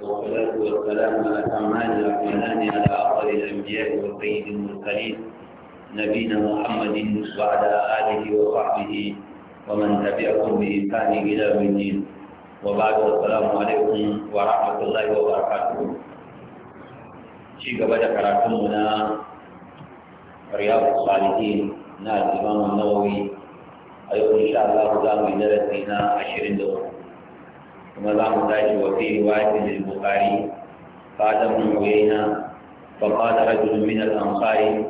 والصلاة والسلام على الأتمان الأكملان على أفضل الأنبياء وسيد المرسلين نبينا محمد وعلى آله وصحبه ومن تبعهم بإحسان إلى يوم الدين وبعد السلام عليكم ورحمة الله وبركاته شيء قبل كراتمنا رياض الصالحين نال الإمام النووي أيضا إن شاء الله دام درسنا عشرين دور كما زعم وفي رواية للبخاري قال ابن عيينة فقال رجل من الأنصار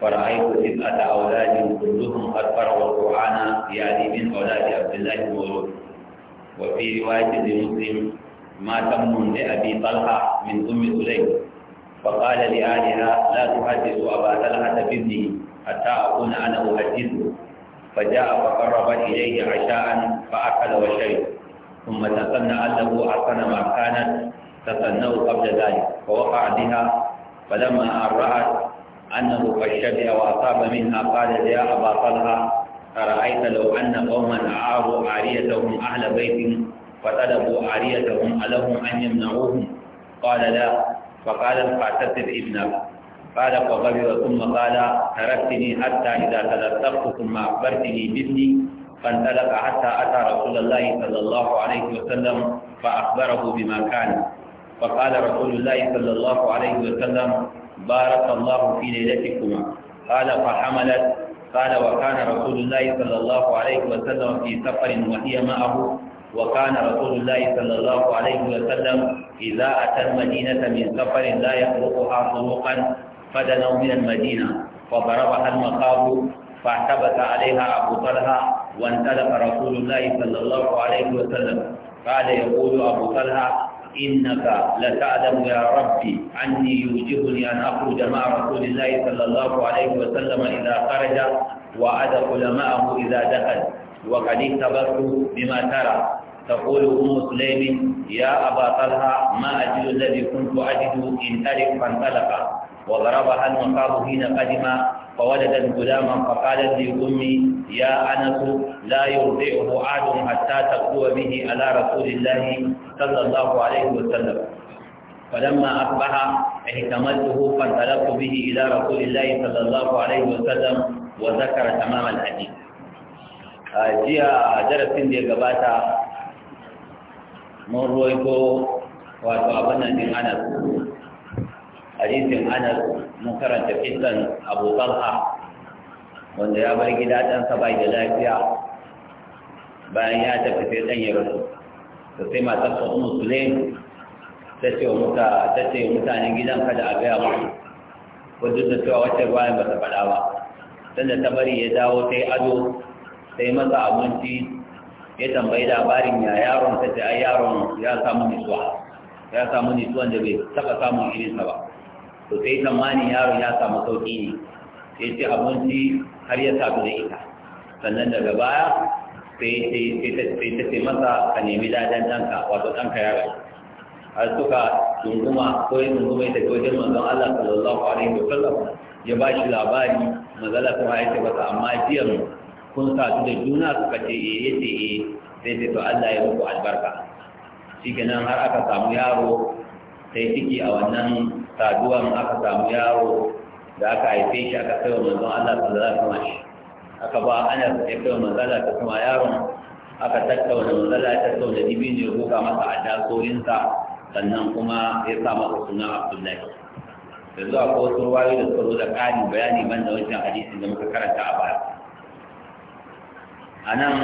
فرأيت سبعة أولاد كلهم قد قرأوا القرآن يعني من أولاد عبد الله بن مسعود وفي رواية لمسلم ما تم لأبي طلحة من أم سليم فقال لأهلها لا تحدث أبا طلحة بابنه حتى أكون أنا أحدثه فجاء فقرب إليه عشاء فأكل وشرب ثم تسنى أنه أحسن ما كانت تسنه قبل ذلك فوقع بها فلما أن رأت أنه قد شبع وأصاب منها قالت يا أبا طلحة أرأيت لو أن قوما أعاروا عاريتهم أهل بيت فطلبوا عاريتهم ألهم أن يمنعوهم قال لا فقال فاعتذر ابنك قال فغبر ثم قال تركتني حتى إذا تلتقت ثم أخبرتني بابني فانطلق حتى أتى رسول الله صلى الله عليه وسلم فأخبره بما كان فقال رسول الله صلى الله عليه وسلم بارك الله في ليلتكما قال فحملت قال وكان رسول الله صلى الله عليه وسلم في سفر وهي معه وكان رسول الله صلى الله عليه وسلم إذا أتى المدينة من سفر لا يخلقها طرقا فدنوا من المدينة فضربها المخاض فاعتبت عليها أبو طلحة وانطلق رسول الله صلى الله عليه وسلم قال يقول أبو طلحة إنك لتعلم يا ربي أني يوجبني أن أخرج مع رسول الله صلى الله عليه وسلم إذا خرج وأدخل معه إذا دخل وقد اختبرت بما ترى تقول أم سليم يا أبا طلحة ما أجل الذي كنت أجد إن ترك فانطلق وغرب عن مقام حين قدم فولدت غلاما فقالت لأمي يا أنس لا يرضعه أحد حتى تقوى به على رسول الله صلى الله عليه وسلم فلما أصبح احتملته فانطلقت به إلى رسول الله صلى الله عليه وسلم وذكر تمام الحديث jiya a darasin da ya gabata mun roiko wato abin nan din anas hadisin ana mun karanta kisan abu talha wanda ya bar gida ɗansa bai da lafiya bayan ya tafi sai ɗan ya rasu to sai matar sa umu sulaim ta ce muta ta ce mutanen gidan kada a gaya mu ko duk da cewa wacce bayan ba ta faɗa ba sanda ta bari ya dawo sai ado sai masa abinci ya tambayi labarin ya yaron ta ce ai yaron ya samu nisuwa ya samu nisuwan da bai taba samun irinsa ba to sai tsammanin yaron ya samu sauki ne sai ce abinci har ya sadu da ita sannan daga baya sai ta ce masa ka nemi dadan ɗanka wato ɗanka ya har suka tunguma ko ya tunguma ya tafi wajen manzon Allah sallallahu alaihi wa sallam ya ba shi labari mazala kuma ya ce masa amma jiya kun sadu da juna suka ce eh ya ce eh sai ce to Allah ya muku albarka kenan har aka samu yaro sai ciki a wannan saduwa mun aka samu yaro da aka haife shi aka kai wa manzon Allah sallallahu alaihi wasallam aka ba Anas da kai wa manzon Allah ta kuma yaron aka tattauna manzon Allah ya tattauna dibin ya ga masa adda sa sannan kuma ya sa masa suna Abdullahi yanzu ko sun ruwayoyi da suka da ƙarin bayani ban da wancan hadisi da muka karanta a baya a nan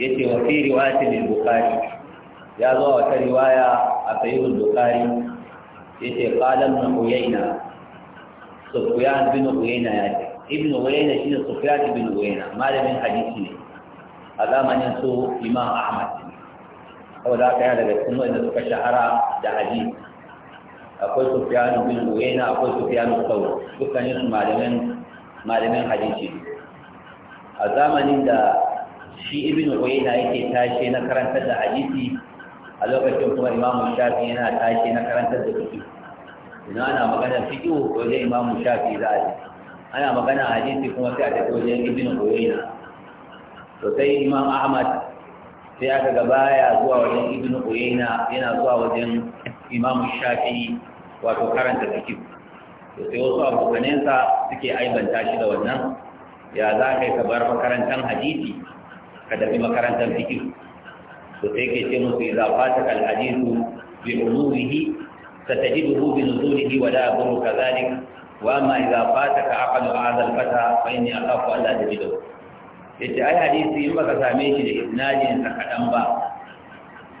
ya ce wa fi riwayatul bukhari ya zo wa wata riwaya a sayyidul bukhari yace qala ibn uyayna sufyan bin uyayna ya ibn uyayna shine sufyan bin uyayna malamin hadisi ne a zamanin su imam ahmad saboda haka yana daga cikin wanda suka shahara da hadisi akwai sufyan bin uyayna akwai sufyan thawr dukkanin malamin malamin hadisi a zamanin da shi ibn uyayna yake tashe na karantar da hadisi a lokacin kuma imamu shafi yana tashi na karantar da fiƙi Ina ana magana fiƙi ko wajen imamu shafi za a ji ana magana hadisi kuma sai a tafi wajen ibn uyayna to sai imam ahmad sai aka ga baya zuwa wajen ibn uyayna yana zuwa wajen imamu shafi wato karanta fiƙi to sai wasu abokanensa suke aibanta shi da wannan ya za ka yi ka bar makarantar hadisi ka tafi makarantar fiƙi to sai ke ce musu idza fataka alhadithu bi umurihi satajiduhu bi nuzulihi wa la yadurru kadhalik wa amma a fataka bai ne a fa inni akhafu an la tajidu yace ai hadisi in baka same shi da isnadin sa kadan ba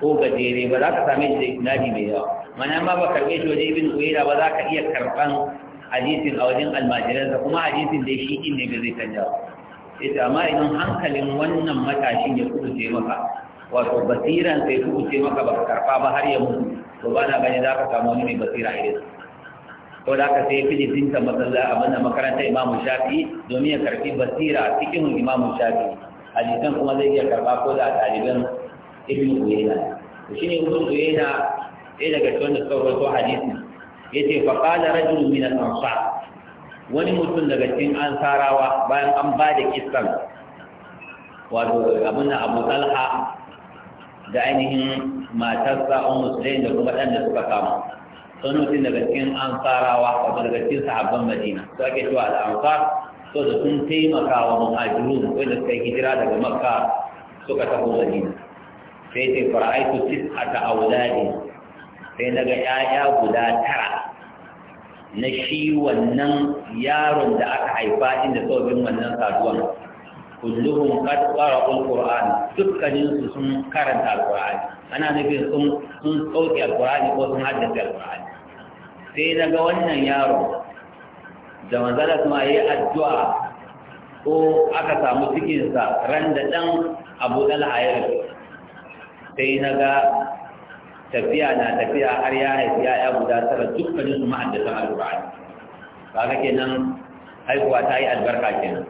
ko gajere ba za ka same shi da isnadi mai yawa mana ma ba karɓe shi wajen ibn uwaira ba za ka iya karɓan hadisin a wajen sa kuma hadisin da shi din ne ga zai canja yace amma idan hankalin wannan matashin ya kudu maka wato basiran sai ku ce maka ba karfa ba har ya to ba na gani za ka samu wani mai basira irin ko da ka sai fili zinta masalla abin da makarantar imamu shafi domin ya karfi basira cikin imamu shafi jikin kuma zai iya karba ko da ɗaliban ibn uyayna to shine ibn uyayna ɗaya daga cikin da suka rawaito hadisi yace fa qala rajulun min al-ansar wani mutum daga cikin ansarawa bayan an ba da kissan wato abin abu talha da ainihin matarsa ummu sulaim da kuma ɗan da suka kama sun mutum daga cikin ansarawa wato daga cikin sahabban madina su ake cewa al'ansar so da sun taimaka wa muhajirun wanda suka hijira daga makka suka taho madina sai ce fara'aitu a auladi sai daga 'ya'ya guda tara na shi wannan yaron da aka haifa inda sabbin wannan saduwan kulluhum qad qara'u al dukkanin su sun karanta al-qur'ani ana nufin sun sun sauke al ko sun haddace al sai na ga wannan yaro da manzala kuma yayi addu'a ko aka samu cikin sa ran da dan Abu Talha sai na ga tafiya na tafiya har ya haifi ya guda tara dukkanin su ma'addatan al-qur'ani kaga kenan haihuwa ta yi albarka kenan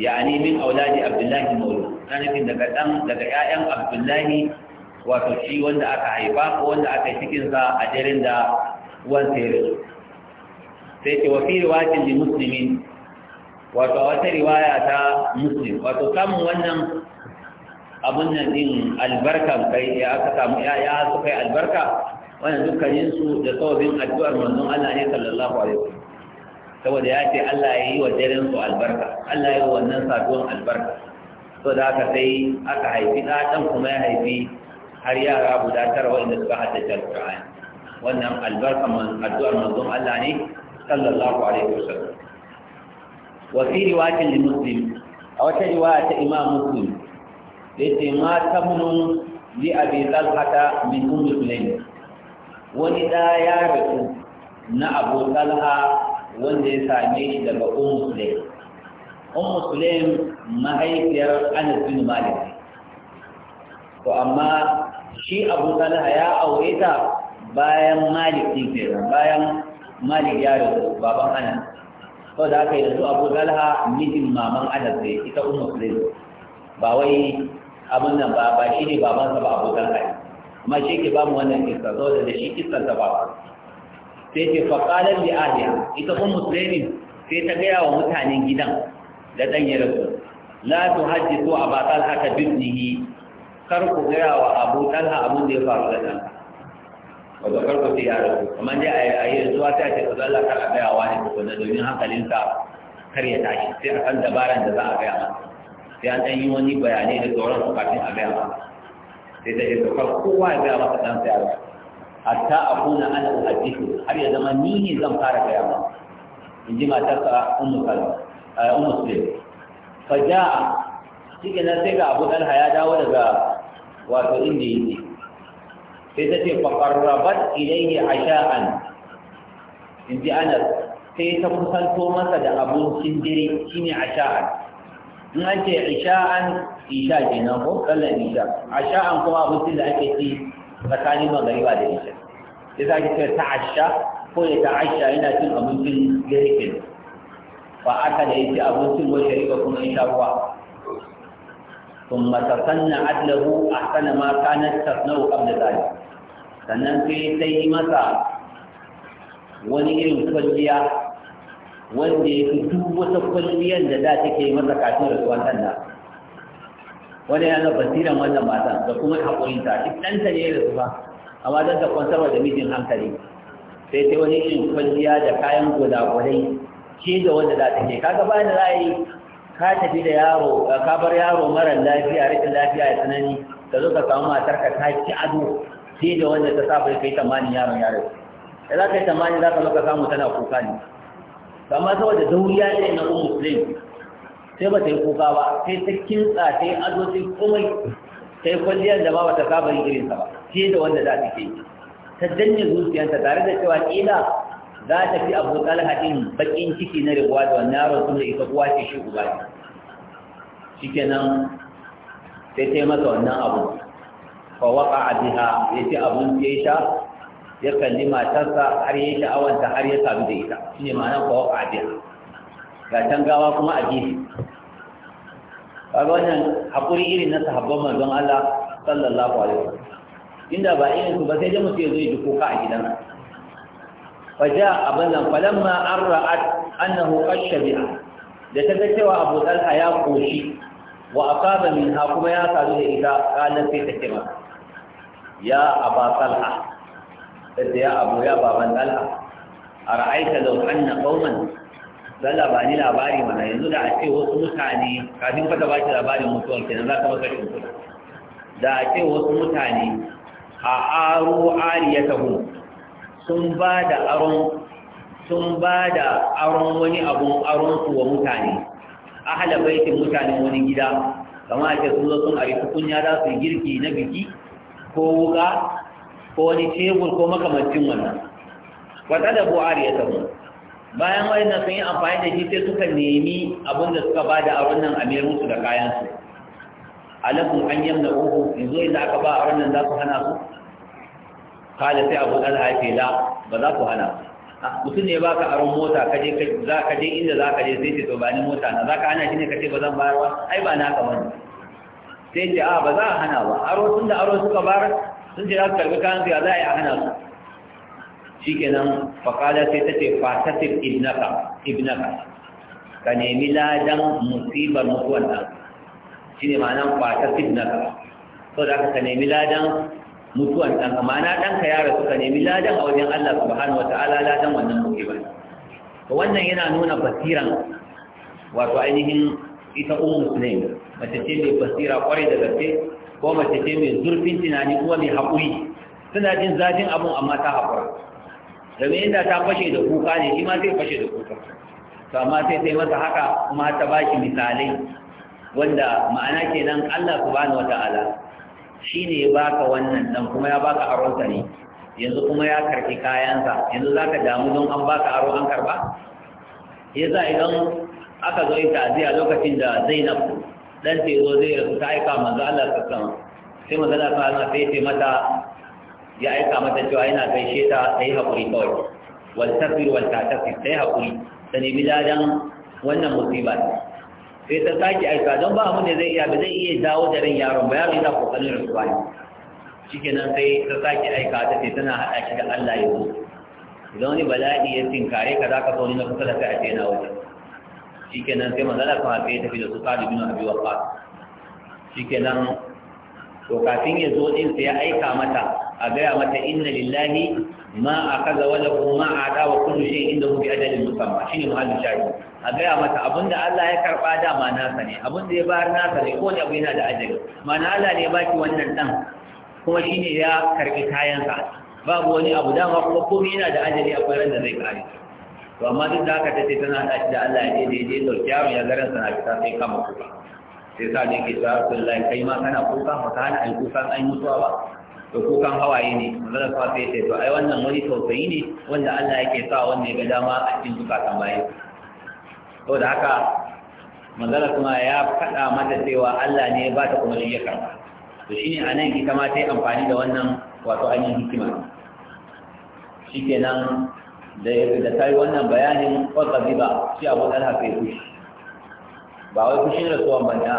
yani min auladi abdullahi maulu na nufin daga dan daga 'ya'yan abdullahi wato shi wanda aka haifa ko wanda aka yi cikin sa a daren da uwan sayar sai ce wa fi riwayatin li muslimin wato wata riwaya ta muslim wato samun wannan abun nan din albarka kai ya aka samu ƴaƴa suka yi albarka wannan dukkanin su da sababin addu'ar manzon Allah ne sallallahu alaihi wasallam saboda ya ce Allah ya yi wa daren su albarka Allah ya yi wannan saduwan albarka So saboda haka sai aka haifi ɗan kuma ya haifi har yara guda tara wanda suka haddace alqur'ani wannan albarka man addu'ar manzon Allah ne sallallahu alaihi wasallam wa fi riwayatin li muslim a wata riwaya ta imam muslim da yace ma tamnu li abi talhata min ummi sulaim wani da ya rasu na abu talha wanda ya same shi daga ummu sulaim ummu sulaim mahaifiyar anas bin malik to amma shi abu talha ya aure ta bayan malik din bayan malik ya rasu baban anas to da aka yanzu abu talha mijin maman anas ne ita ummu sulaim ba wai abin nan ba ba shi ne babansa ba abu talha amma shi ke ba mu wannan kisa zo da shi kisa ta ba sai ce faƙalar da ahliya ita kuma musulmi sai ta gaya wa mutanen gidan da ɗan ya rasu la tuhaddisu aba talha ka biznihi kar ku gaya wa abu talha abin da ya faru da ɗan. wato kar ku ce ya rasu kamar dai a yi zuwa ta ce ku zalla kar a gaya wa ne ku? tukuna domin hankalinsa kar ya tashi sai a kan dabaran da za a gaya ma sai an ɗan yi wani bayanai da tsoron kafin a gaya ma sai ta ce kar kowa ya gaya masa ɗan sai a rasu hatta akuna ana uhaddithu har ya zama ni ne zan fara gaya ba in ji matarsa ummu salma eh, ummu sulaim fa jaa shike nan sai ga abu dalha haya dawo daga wato inda yake sai ta ce fa qarrabat ilayhi asha'an in ji anas sai ta kusanto masa da abincin dare shine asha'an in an ce isha'an isha kenan ko sallan isha asha'an kuma abincin da ake ci tsakanin magariba da isha ya za ki ce ta Asha ko ya ta ta'asha yana cin abincin da yake fa aka da yake abincin wa shari'a kuma ya sha ruwa ثم تصنع عدله أحسن ما كانت تصنع da ذلك sannan sai sai yi masa wani irin kwalliya wanda ya fi duk wata kwalliyar da za ta ke masa kafin rasuwan ɗan nan wani yana basiran wannan matan da kuma haƙurinta duk ɗanta ne ya rasu ba amma don ta kwantarwa da mijin hankali sai ta wani irin kwalliya da kayan gudagudai shi da wanda za ta ke kaga bayan da za a yi ka tafi da yaro ka bar yaro mara lafiya rikin lafiya ya tsanani ka zo ka samu matar ka ta ci ado shi da wanda ta saba ya kai tamanin yaron yaro da za ka yi tamanin za ka zo ka samu tana kuka ne amma saboda dauriya ne na umu muslim sai ba ta yi kuka ba sai ta kintsa ta yi ado sai komai sai kwalliyar da ba ta saba yi irinsa ba fiye da wanda za ta ke ta janye zuciyarta tare da cewa ƙila za ta fi abu talha ɗin baƙin ciki na rigwa da wannan yaro, sun da ita kuwa ce shi uba ce nan, sai ta yi masa wannan abu fa biya, ya ce abun ya sha ya kalli matarsa har ya yi sha'awanta har ya sabu da ita ne ma'ana fa a abiha ga tangawa kuma a gefe kaga wannan haƙuri irin na sahabban manzon Allah sallallahu alaihi wasallam inda ba irin su ba sai dai mutum ya zo ya ji kuka a gidan fa ja nan falamma an annahu Ashabia. da ta cewa Abu dalha ya koshi wa aqaba min ha kuma ya sadu da ita kalan sai ta kira ya aba Talha da ya Abu ya baban dalha ara'aita law anna qauman Zalla ba ni labari mana yanzu da a ce wasu mutane kafin ka ba shi labarin mutuwar kenan za ka maka shi da a ce wasu mutane a aro ariyatahu sun ba da aron sun ba da aron wani abun aron su wa mutane ahla baitin mutanen wani gida kama a ce sun zo sun ari tukunya za su girki na biki ko wuka ko wani tebur ko makamancin wannan wata da bu ariyatahu bayan wayannan sun yi amfani da shi sai suka nemi abin da suka ba da aron nan a su da da su alakum an yamna uhu yanzu inda aka ba a nan za su hana su kala sai abu dan haife la ba za ku hana ah, mutum ne baka aron mota ka je za ka je inda za ka je sai ce to ba ni mota na za ka hana shi ne ka ce ba zan bayar ba ai ba na ka bane sai ce a ah, ba za a hana ba aro tun da aro suka bar sun ce za su karbi kayan siya za a yi a hana su shikenan fakala sai ta ce fatasif ibnaka ibnaka ka nemi ladan musibar mutuwan ɗan shi ne ma'anan fatasif na ka so da ka nemi ladan mutuwan ɗanka ma'ana ɗanka ya rasu ka nemi ladan a wajen Allah subhanahu wa ta'ala ladan wannan muke ba to wannan yana nuna basiran wato ainihin ita ummu sulaim mace ce mai basira kwarai da gaske ko mace ce mai zurfin tunani kuma mai haƙuri suna jin zafin abun amma ta haƙura domin inda ta fashe da kuka ne shi ma zai fashe da kuka to amma sai sai masa haka kuma ta baki misalai wanda ma'ana kenan Allah subhanahu ta'ala shi ne ya baka wannan dan kuma ya baka aronsa ne yanzu kuma ya karki kayansa yanzu za ka damu don an baka aro an karba ya za idan aka zo ita a lokacin da zainab dan ta zo zai rasu ta aika manzo Allah ta sama sai manzo Allah ta sama sai ce mata ya aika mata cewa yana gaishe ta ta yi haƙuri kawai wal tafir wal tatafir ta yi haƙuri ta nemi ladan wannan musiba sai ta sake aika don ba abin da zai iya ba zai iya dawo da ran yaron ba yaron yana kokarin rasuwa ne shikenan sai ta sake aika ta ce tana haɗa shi da Allah ya zo idan wani bala'i ya tinkare ka zaka so ni na kusa da kai a ce na waje shikenan sai manzala kuma sai ya tafi da su kalu bin ba. waqas shikenan to kafin ya zo din sai ya aika mata a gaya mata inna lillahi ma akaza wa lahu ma ata wa kullu shay'in indahu bi ajalin shi ne muhallin shari'a a gaya mata abin da Allah ya karba dama nasa ne da ya bayar nasa ne ko da yana da ajali mana Allah ne ya baki wannan ɗan kuma ne ya karbi kayansa babu wani abu dama kuma komai yana da ajali a ran da zai kare to amma duk da haka tace tana da shi da Allah ya je da ya dauki yaro ya garan sana fita sai kama kuka sai sa ne ke tsara lai kai ma kana kuka maka hana ai kukan mutuwa ba to kukan hawaye ne manzara fa sai ce to ai wannan wani tausayi ne wanda Allah yake sa wanda ya ga dama a cikin zukatan bayan ko da haka manzala kuma ya faɗa mata cewa Allah ne ba ta kuma shi ya karɓa to shine anan ita ma ta yi amfani da wannan wato hanyar hikima shikenan da da ta yi wannan bayanin kwatsa ziba, shi abu ɗan ya fushi ba wai fushin rasuwan banda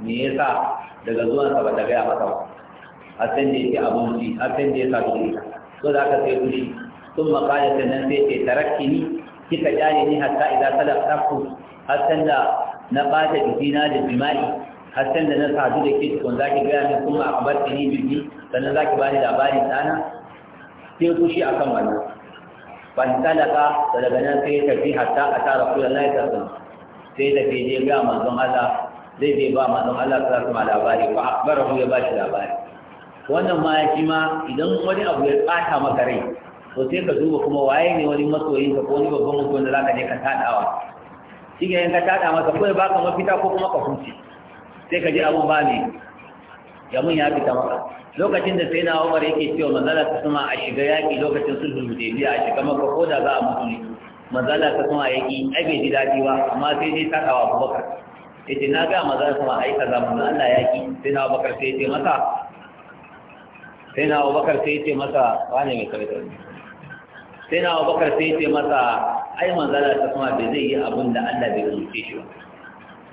me yasa daga sa ba ta gaya masa ba a san da yake abinci a san da ya sa dole so da aka sai fushi sun makala sannan sai ce tarakki kika jare ni hatta idan kada tsaku har da na bata jikina da jima'i har da na sadu da ke cikin zaki gaya min kuma a kabar ni jirgi sannan zaki bani labarin ɗana sai kushi a kan wannan fantalaka da daga nan sai ya tafi hatta a tara kula na ya sai da ke je ga manzon Allah zai bai ba manzon Allah ta zama labari ko akbarahu ya ba shi labari wannan ma ya ma idan wani abu ya tsata maka rai to sai ka duba kuma waye ne wani masoyin ka ko wani babban mutum da zaka je ka tadawa shi ke ka tada masa ko ya baka mafita ko kuma ka huce sai ka ji abun ba ne ya mun ya fita maka lokacin da sai na Umar yake cewa manzala ta kuma a shiga yaki lokacin sulhul hudaybiya a shiga maka ko da za a mutu ne manzala ta kuma yaki ai bai ji dadi ba amma sai dai tadawa Abubakar yace na ga manzala kuma ai kaza mun Allah yaki sai na Abubakar sai ya ce masa sai na Abubakar sai ya ce masa wane mai kare sai na abubakar sai ce masa ai manzala ta kuma bai zai yi abin da Allah bai rubuce shi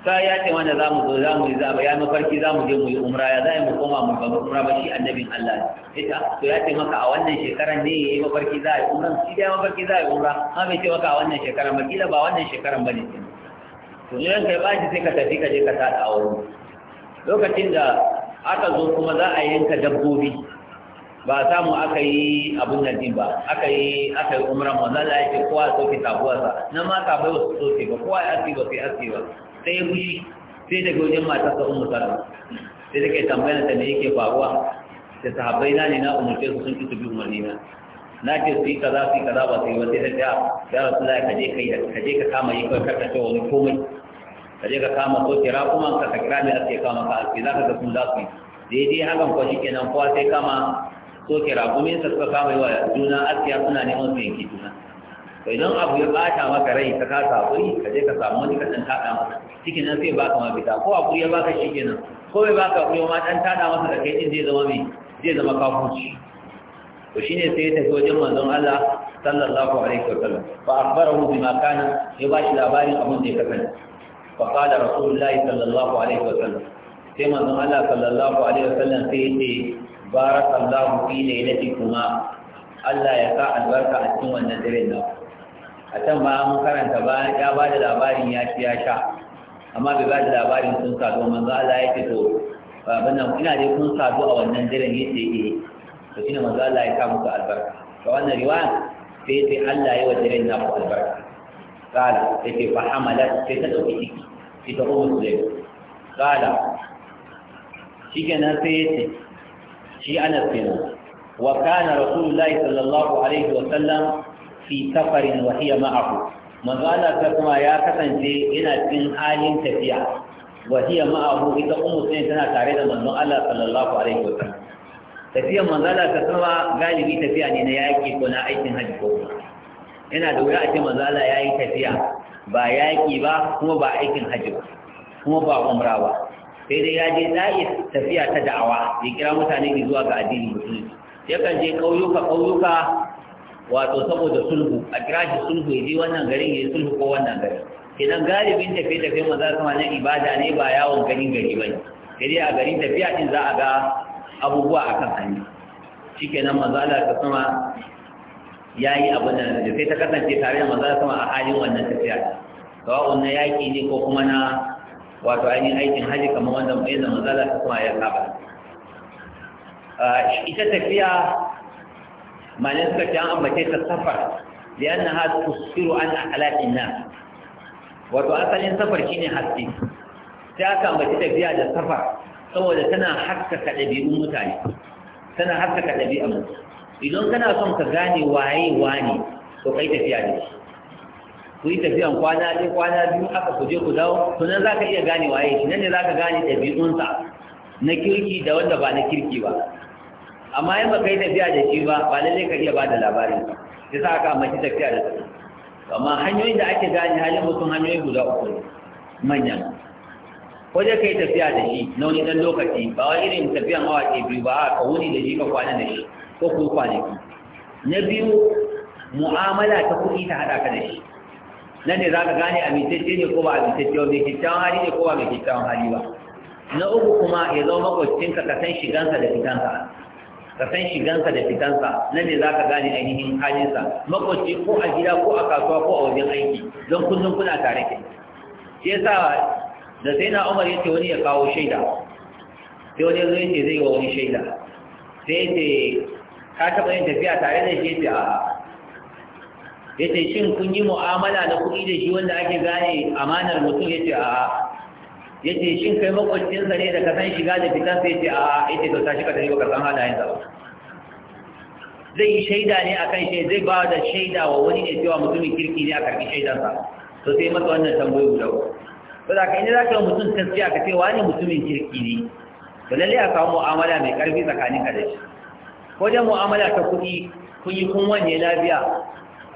ba ya ce wanda za mu zo za mu yi ba ya mafarki za mu je mu yi umra ya za mu koma mu ba umra ba shi annabin Allah ne ita ah, to ya ce maka a wannan shekaran ne ya yi mafarki za a yi umra shi dai mafarki za a yi umra ha bai ce maka a wannan shekaran ba kila ba wannan shekaran ba ne to idan kai ba shi sai ka tafi ka je ka tada a wurin lokacin da aka zo kuma za a yanka dabbobi ba a samu aka yi abun nan din ba aka yi aka yi umran manzo Allah ya ce kowa soke tabuwarsa nan ma ka bai wasu soke ba kowa ya aski ba sai aski ba sai ya fushi sai daga wajen mata matarsa ummu salama sai take tambayar ta me yake faruwa da sahabbai na ne na umurce su sun ci su bi umarni na na ce su yi kaza su yi kaza ba su yi wata ta ah, ya rasu la ka je kai ka je ka kama yi kawai karka ce wani komai ka je ka kama so kira kuma ka ka kira ne a ce kama ka alfi za ka ga sun za su yi daidai hakan ko shi kenan kowa sai kama soke raƙuminsa sassa kama yi wa juna asiya suna neman su yanki juna to idan abu ya ɓata maka rai ka kasa haƙuri ka je ka samu wani ka ɗan taɗa masa cikin nan sai baka mafita ko Abu ya baka shi kenan ko bai baka abu ma dan tada masa da kai din zai zama mai zai zama kafuci to shine sai ya tafi wajen manzon Allah sallallahu alaihi wasallam sallam fa akhbarahu bima kana ya bashi labarin abun da ya kasance fa qala rasulullahi sallallahu alaihi Wasallam. sai manzon Allah sallallahu alaihi Wasallam sai ya ce barakallahu fi lailatikuma Allah ya sa albarka a cikin wannan dare nan a can ba mun karanta ba ya ba da labarin ya ci ya sha amma bai ba da labarin sun sadu manzo Allah ya ce to abin nan ina dai kun sadu a wannan dare daren yace eh to shine manzo Allah ya sa muku albarka to wannan riwaya sai sai Allah ya wa dare na ku albarka kala sai ce fa hamalat sai ta dauki ciki ita ummu zai kala shikenan sai ya ce shi ana kenan wa kana rasulullahi sallallahu alaihi wa sallam fi safarin wa hiya ma'ahu manzo Allah ta kuma ya kasance yana cikin halin tafiya wa hiya ma'ahu ita ummu sai tana tare da manzo Allah sallallahu alaihi wa sallam tafiyar manzo Allah ta kuma galibi tafiya ne na yaki ko na aikin hajji ko yana da wuya a ce manzo Allah yayi tafiya ba yaki ba kuma ba aikin hajji ba kuma ba umra ba sai dai ya je da'is tafiya ta da'awa ya kira mutane ne zuwa ga addinin musulunci yakan je ƙauyuka ƙauyuka wato saboda sulhu a kira shi sulhu ya je wannan garin ya yi sulhu ko wannan garin kenan galibin tafiye-tafiye maza ma na ibada ne ba yawon ganin gari ba ne sai dai a garin tafiya ɗin za a ga abubuwa a kan hanyar shi kenan maza da ta sama ya yi abin da sai ta kasance tare da maza sama a halin wannan tafiya kawai wannan yaƙi ne ko kuma na wato ainihin aikin haji kamar wanda mai zama zala ta kuma ya saba ah, ita tafiya malin suka ce an ambace ta safar da yana ha tusiru an halakin na wato asalin safar ne haske sai aka ambace tafiya da safar saboda tana haskaka ɗabi'un mutane tana haskaka ɗabi'un idan kana son ka gane waye wane to kai tafiya da shi ku yi tafiyan kwana ɗaya kwana biyu aka ku je ku dawo to nan za ka iya gane waye shi nan ne za ka gane ɗabi'unsa na kirki da wanda ba na kirki ba amma yin ba ka yi tafiya da shi ba ba lallai ka iya ba da labarin ba ya sa ka mace tafiya da tafiya amma hanyoyin da ake gane halin mutum hanyoyi guda uku ne manyan ko dai ka yi tafiya da shi na wani ɗan lokaci ba wa irin tafiyan awa ke biyu ba ka wuni da shi ka kwana da shi ko ku kwanaki na biyu mu'amala ta kuɗi ta haɗa ka da shi na ne za ka gane amintacce ne ko ba amintacce ba mai kyakkyawan hali ne ko ba mai kyakkyawan hali ba na uku kuma ya zama makwacinka ka san shigansa da fitansa ka san shigansa da fitansa na ne za ka gane ainihin halinsa makwaci ko a gida ko a kasuwa ko a wajen aiki don kullum kuna tare ke shi yasa da sai na umar yace wani ya kawo shaida sai wani ya zo yace zai yi wa wani shaida sai yace ka taɓa yin tafiya tare da shi yace a'a ya ce shin kun yi mu'amala na kuɗi da shi wanda ake gane amanar mutum ya ce a ya ce shin kai makwacinsa ne da ka san shiga da fitan sai ce a ya ce to shi ka tare ba ka san halayensa ba zai yi shaida ne akan shi zai ba da shaida wa wani ne cewa mutumin kirki ne a karɓi shaidansa to sai masa wannan tambayi guda ko da ka inda za ka yi mutum a ka ce wani mutumin kirki ne to lallai a samu mu'amala mai ƙarfi tsakanin ka da shi ko dai mu'amala ta kuɗi kun yi kun wanne lafiya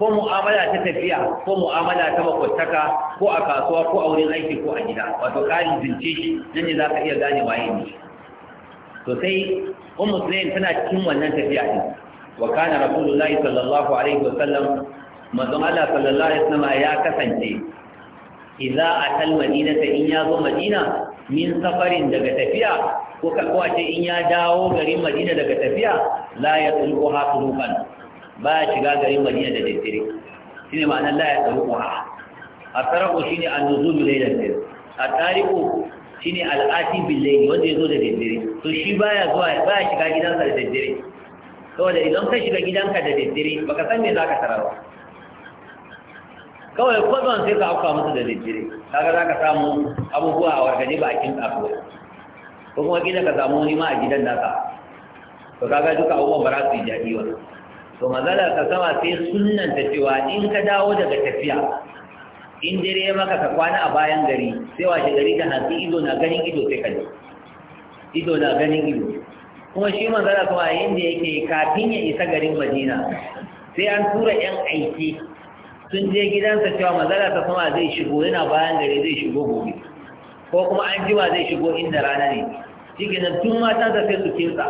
ko mu'amala ta tafiya ko mu'amala ta makwataka ko a kasuwa ko a wurin aiki ko a gida wato ƙarin zince shi nan ne za ka iya gane waye ne to sai ummu sulaim tana cikin wannan tafiya din wa kana rasulullahi sallallahu alaihi wa sallam manzon Allah sallallahu alaihi wa sallam ya kasance idza atal madinata in ya zo madina min safarin daga tafiya ko ka ce in ya dawo garin madina daga tafiya la ya tsulku ba ya shiga garin madina da daddare shi ne ma'anar la ya tsaro kuwa a tsarako shi ne an nuzu bilai da daddare a tariko shi ne al'ati bilai wanda ya zo da daddare to shi ba ya zuwa ba ya shiga gidansa da daddare saboda idan ka shiga gidanka da daddare ba ka san me za ka tarawa kawai kwazon sai ka auka musu da daddare kaga za ka samu abubuwa a wargaje ba a kin tsakuwa ko kuma kila ka samu wani ma a gidan nasa to kaga duka abubuwan ba za su yi jaɗi ba to magana ka sama sai sunnan tafiya in ka dawo daga tafiya in dare maka ka kwana a bayan gari sai washe gari ka hantsi ido na ganin ido sai kaje ido na ganin ido kuma shi magana kuma yayin da yake kafin ya isa garin Madina sai an tura yan aiki sun je gidansa cewa magana ka sama zai shigo yana bayan gari zai shigo gobe ko kuma an jima zai shigo inda rana ne shiginan tun mata da sai su kinsa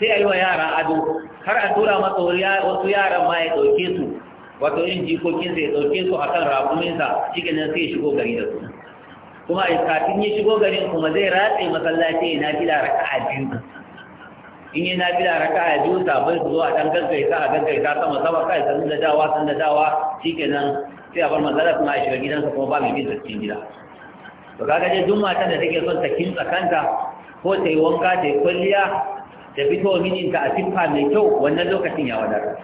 sai a yi wa yara ado har a tura masa wasu yaran ma ya ɗauke su wato yin jikokinsa ya ɗauke su a kan rakuminsa shiginan sai ya shigo gari da su kuma a kafin ya shigo garin kuma zai ratse masallaci ya nafila raka a biyu in yi nafila raka a biyu ta su zo a ɗan gaggaita a gaggaita sama sama kai sanin da dawa sun da dawa nan sai a bar manzara kuma a shiga gidansa kuma ba mai bin cikin gida to kaga dai duk matan da take son ta kintsa kanta ko ta yi wanka ta yi kwalliya ta fito wa mijinta a siffa mai kyau wannan lokacin ya wadar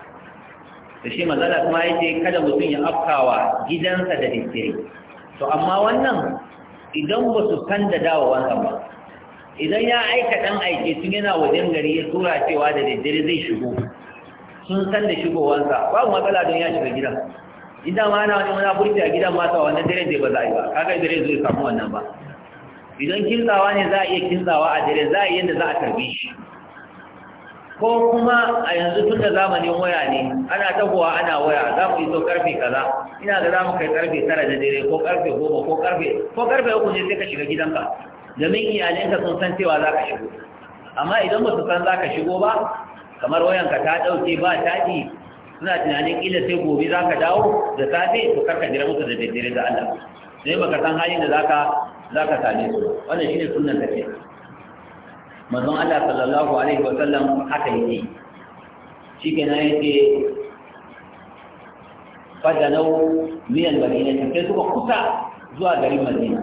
da shi mazala kuma ya ce kada mutum ya afkawa gidansa da daddare to amma wannan idan ba su san da wanka ba idan ya aika ɗan aike tun yana wajen gari ya tura cewa da daddare zai shigo sun san da shigowansa babu matsala don ya shiga gidan idan ma ana wani wani burki a gidan masa wannan dare zai ba za a yi ba kaga dare zai samu wannan ba idan kinzawa ne za a iya kinzawa a dare za a iya yadda za a tarbi shi ko kuma a yanzu tun da zamanin waya ne ana tagowa ana waya za mu iso karfe kaza ina da za mu kai karfe tara da dare ko karfe goma ko karfe ko karfe uku ne sai ka shiga gidanka domin iyalinka sun san cewa za ka shigo amma idan ba su san za ka shigo ba kamar wayanka ta ɗauke ba taɗi suna tunanin ƙila sai gobe za ka dawo da safe to karka jira musu da daddare da Allah sai baka san halin da za ka za ka same su wannan shi shine sunnar tafiya manzon Allah sallallahu alaihi wa sallam haka yake shikenan yake fadanau miyan al-madina sai suka kusa zuwa garin madina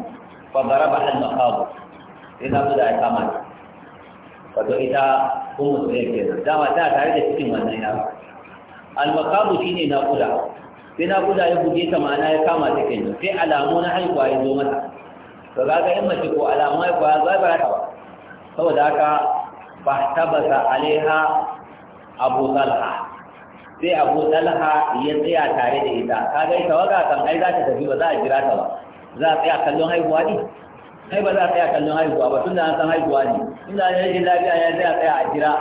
fa daraba al-maqab sai da da kama wato ita ummu ya ke dama ta tare da cikin wannan yaro al-maqab shine na kula sai na kula ya buge ta ma'ana ya kama ta kenan sai alamu na haihuwa ya zo mata to za ka mace ko alamai ko za ba ta ba saboda haka ba tabata alaiha abu talha sai abu talha ya tsaya tare da ita ga ita waka kan ai za ta tafi ba za a jira ta ba za a tsaya kallon haihuwa ne kai ba za a tsaya kallon haihuwa ba tunda an san haihuwa ne tunda an yi lafiya ya tsaya tsaya a jira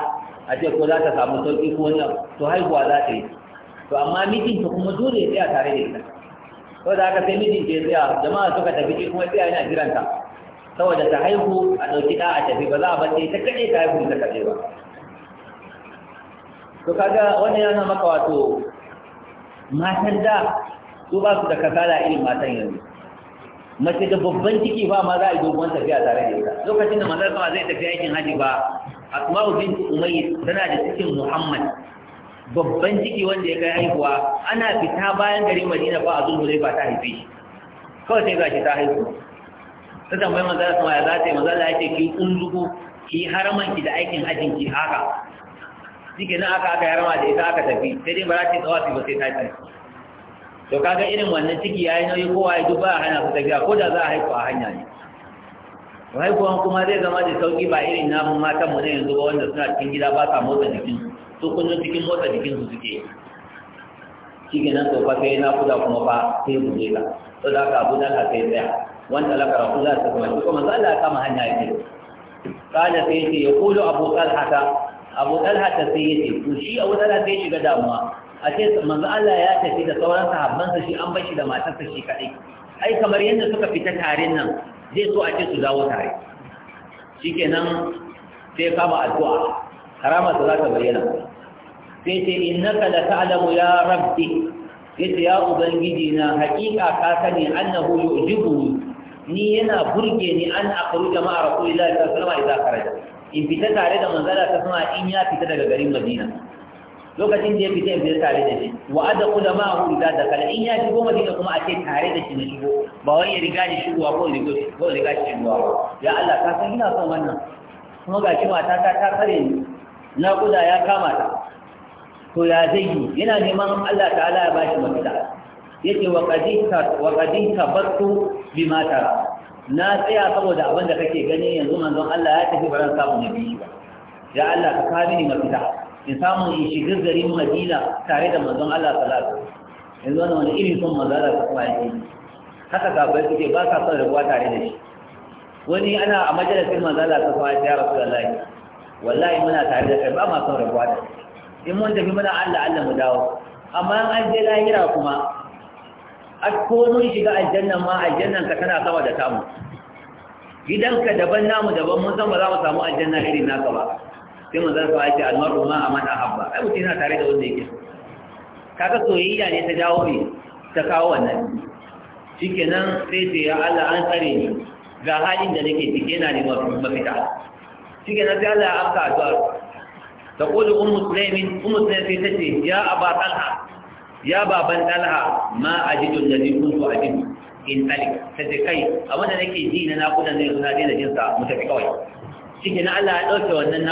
a ce ko za ta samu sauki ko wannan to haihuwa za ta yi to amma mijinta kuma dole ya tsaya tare da ita ko da aka sai mijin ke tsaya jama'a suka tafi shi kuma tsaya yana jiranta saboda ta haihu a ɗauki ɗa a tafi ba za a bar ta kaɗe ta haihu ta kaɗe ba to kaga wannan yana maka wato matan da su ba su da kasala irin matan yanzu mace da babban ciki ba ma za a yi doguwar tafiya tare da ita lokacin da manzon sama zai tafi aikin haji ba asma'u bint umayyi tana da cikin muhammad babban ciki wanda ya kai haihuwa ana fita bayan garin madina ba a zulmulai ba ta haife shi kawai sai shi ta haihu ta tambayi manzala sama ya za ta yi manzala ya ce ki zuku ki haraman ki da aikin hajjin ki haka shike nan aka aka harama da ita aka tafi sai dai ba za ta tsawafi ba sai ta tafi to kaga irin wannan ciki ya yi nauyi kowa ya duba a hana su tafiya ko da za a haihu a hanya ne haihuwan kuma zai zama da sauki ba irin namun matan mu na yanzu ba wanda suna cikin gida ba sa motsa jikinsu su kullum cikin motsa jikin su suke shi ke nan tsofa sai na kuda kuma fa sai mu je ka to da ka abu da ka sai tsaya wanda laka rafu za ta kuma kuma za a kama hanya yake kana sai yace ya kulu abu talha ta abu talha ta sai yace to shi abu talha sai shiga damuwa a ce manzo Allah ya tafi da sauran sahabbansa shi an bashi da matarsa shi kadai ai kamar yadda suka fita tarin nan zai so a ce su dawo tare shikenan sai kama addu'a karama ta za ta bayyana sai ce innaka la ta'lamu ya rabbi yace ya ubangiji na haƙiƙa ka sani annahu yu'jibu ni yana burge ni an akhruja ma'a rasulillahi sallallahu alaihi wasallam idza karaja. in fita tare da manzala ta sama in ya fita daga garin Madina lokacin da ya fita in fita tare da shi wa adkhula ma'ahu idza kala. in ya shigo Madina kuma a ce tare da shi na shigo ba wai ya riga ni shigowa ko riga shi ko riga shi shigowa ya Allah ka san ina son wannan kuma ga shi mata ta ta kare ni na kuda ya kama ta to ya zai yi yana neman Allah ta'ala ya bashi mafita yake wa qadita wa qadita battu bi mata" na tsaya saboda abin da kake gani yanzu manzo Allah ya tafi baran samu nabi ya Allah ka kawo ni mafita in samu in shiga garin Madina tare da manzon Allah sallallahu alaihi wasallam yanzu wannan wani irin son manzon Allah kuma yake haka bai kike ba ka son rabuwa tare da shi wani ana a majalisar manzo Allah sallallahu alaihi wasallam ya rasulullahi wallahi muna tare da kai ba ma son rabuwa da shi in mun tafi muna Allah Allah mu dawo amma an je lahira kuma a ko mun shiga aljannan ma aljannan ka tana sama da tamu gidanka daban namu daban mun san ba za mu samu aljanna irin naka ba sai mun zarfa ya ce almaru ma aman ahabba ai mutum yana tare da wanda yake kaga soyayya ne ta jawo ne ta kawo wannan shikenan sai ce ya Allah an tsare ni ga halin da nake cike na ne mafita shikenan sai Allah ya amsa addu'a تقول أم سليم أم سليم تتي يا أبا طلحة يا بابا طلحة ما أجد الذي كنت in ɗalik ta ce kai abinda nake ji na naƙuda ne suna daina jinsa mu tafi kawai shi na Allah ya ɗauke wannan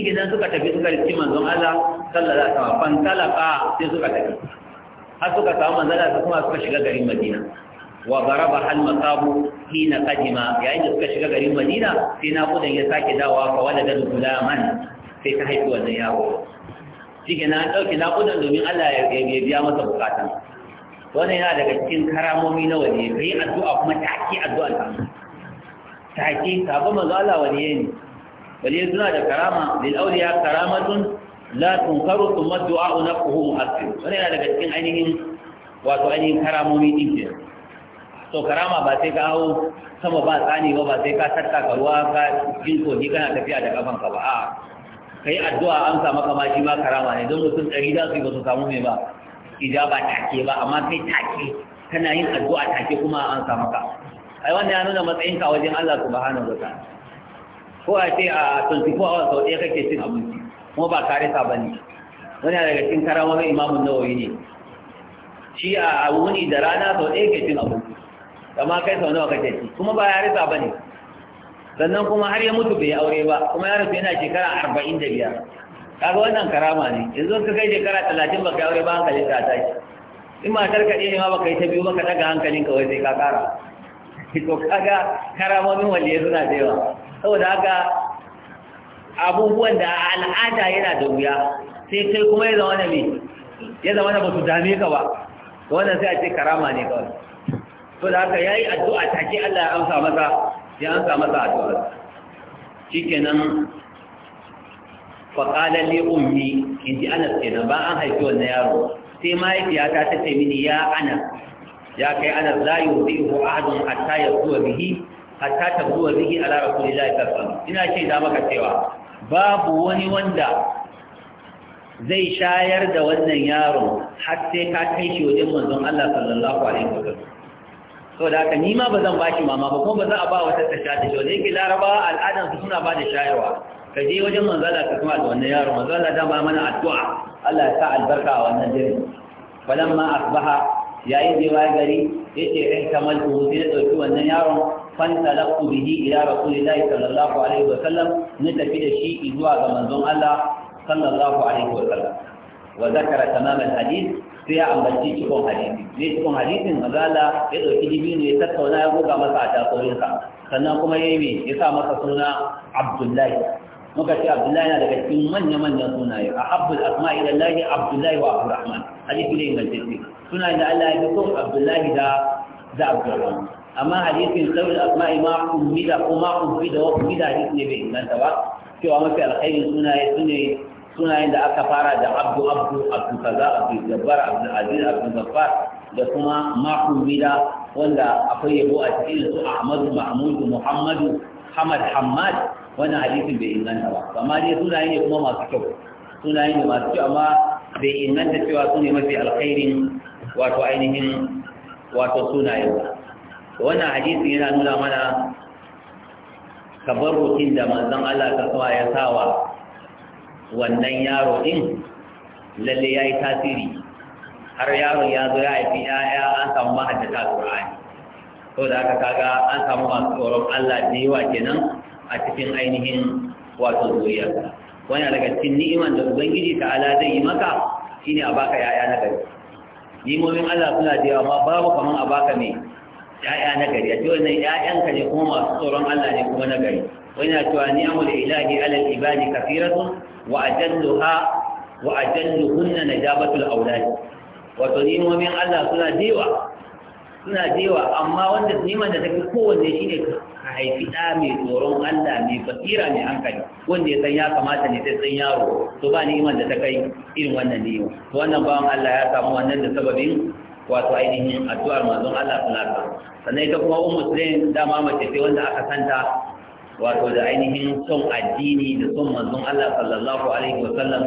shi nan suka tafi suka riski manzon Allah sallallahu alaihi talaka sai suka tafi har suka samu manzon Allah kuma suka shiga garin Madina wa garaba hal masabu hina qadima yayin da suka shiga garin Madina sai na kudan ya sake dawa fa walada gulaman sai ta haifi wannan yaro shike na dauke na kudan domin Allah ya biya masa bukatun wannan yana daga cikin karamomi na wani kai addu'a kuma taki addu'a ta Taki sabon manzo Allah wani ne wani suna da karama lil awliya karamatun la tunkaru thumma du'a nafsuhu mu'assir wannan yana daga cikin ainihin wato ainihin karamomi din kenan to karama ba sai ka hau sama ba tsani ba ba sai ka tatta ka ruwa ka jin ni kana tafiya da kafan ka ba a kai addu'a an samu kama shi ma karama ne don mutum ɗari za su yi ba su samu mai ba Ija ba take ba amma kai take kana yin addu'a take kuma an samu ka ai wannan ya nuna matsayin ka wajen Allah subhanahu wa ta'ala ko a ce a 24 hours sau ɗaya kake cin abinci kuma ba kare sa bane wani daga cikin karamomin imamun nawawi ne shi a wuni da rana sau ɗaya ke cin abinci amma kai sau nawa kake ci kuma ba ya rasa ne. sannan kuma har ya mutu bai aure ba kuma ya rasu yana shekara arba'in da biyar kaga wannan karama ne yanzu ka kai shekara talatin ba ka aure ba hankali ka tashi in matar ka ne ma baka yi ta biyu ka daga hankalin ka wai sai ka kara to kaga karamomin waliyai suna da yawa saboda haka abubuwan da al'ada yana da wuya sai kai kuma ya zama na me ya zama na ba su dame ka ba wannan sai a ce karama ne kawai to da haka yi addu'a take Allah ya amsa masa ya amsa masa addu'a shikenan fa qala li ummi inji Anas kenan ba an haifi wannan yaro sai mahaifiyata ta ce mini ya Anas ya kai Anas la yuzihu ahadun hatta hatta ina ce za maka cewa babu wani wanda zai shayar da wannan yaron har sai ka kai shi wajen manzon Allah sallallahu alaihi Sau da haka nima ba zan bashi mama ba kuma ba za a ba wata ta ta shi wanda yake larabawa al'adansu suna ba da shayarwa ka je wajen manzala ka kuma da wannan yaro manzala ta ba mana addu'a Allah ya sa albarka a wannan dare falamma asbaha yayin da wai gari yace in eh, kamal ku sai da dauki wannan yaron Fanta fan talaqu bihi ila rasulillahi sallallahu alaihi wa sallam ne tafi da shi zuwa ga manzon Allah sallallahu alaihi wa sallam wa zakara tamam alhadith sai ya ambaci cikin hadisi ne cikon hadisin mazala ya ɗauki dibino ya tattauna ya goga masa a tasoyinsa sannan kuma ya yi ya sa masa suna abdullahi muka ce abdullahi na daga cikin manya-manyan sunaye a abdul asma ilallahi abdullahi wa abdurrahman hadisi ne ingantacce suna da allah ya fi son abdullahi da da abdurrahman amma hadisin saurin asma'i ma kummida ko ma kummida wa kummida hadisi ne bai inganta ba cewa mafi alkhairin sunaye su ne sunayen da aka fara da abdu abdu abdu kaza abdu jabbar abdu aziz abdu gaffar da kuma makon bida wanda akwai yabo a cikin su ahmadu mahmudu muhammadu hamad hamad wannan hadisin bai inganta ba amma dai sunaye ne kuma masu kyau sunaye ne masu kyau amma bai inganta cewa su ne mafi alkhairin wato ainihin wato sunayen ba wannan hadisin yana nuna mana kabarrukin da manzon Allah ta ya sawa wannan yaro din lalle ya yi tasiri har yaron ya zo ya haifi ya'ya an samu mahaddata qur'ani to da aka kaga an samu masu tsoron Allah da yawa kenan a cikin ainihin wato zuriya. wani daga cikin ni'iman da ubangiji ta'ala zai yi maka shine a baka yaya na gari nimomin Allah suna da yawa amma babu kaman a baka ne yaya na gari a ce wannan yayanka ne kuma masu tsoron Allah ne kuma na gari wani cewa ni'amul ilahi alal ibadi kafiratun wa ajalluha wa ajalluhunna najabatul aulad wato ni'imomin Allah suna dewa suna jewa amma wanda niman da tafi kowanne shi ne ka haifi ɗa mai tsoron Allah mai basira mai hankali wanda ya san ya kamata ne sai san yaro to ba niman da ta kai irin wannan ni'ima to wannan bawan Allah ya samu wannan da sababin wato ainihin addu'ar manzon Allah suna ta. sannan ita kuma ummu sulaim dama mace ce wanda aka santa wato da ainihin son addini da son manzon Allah sallallahu alaihi wa sallam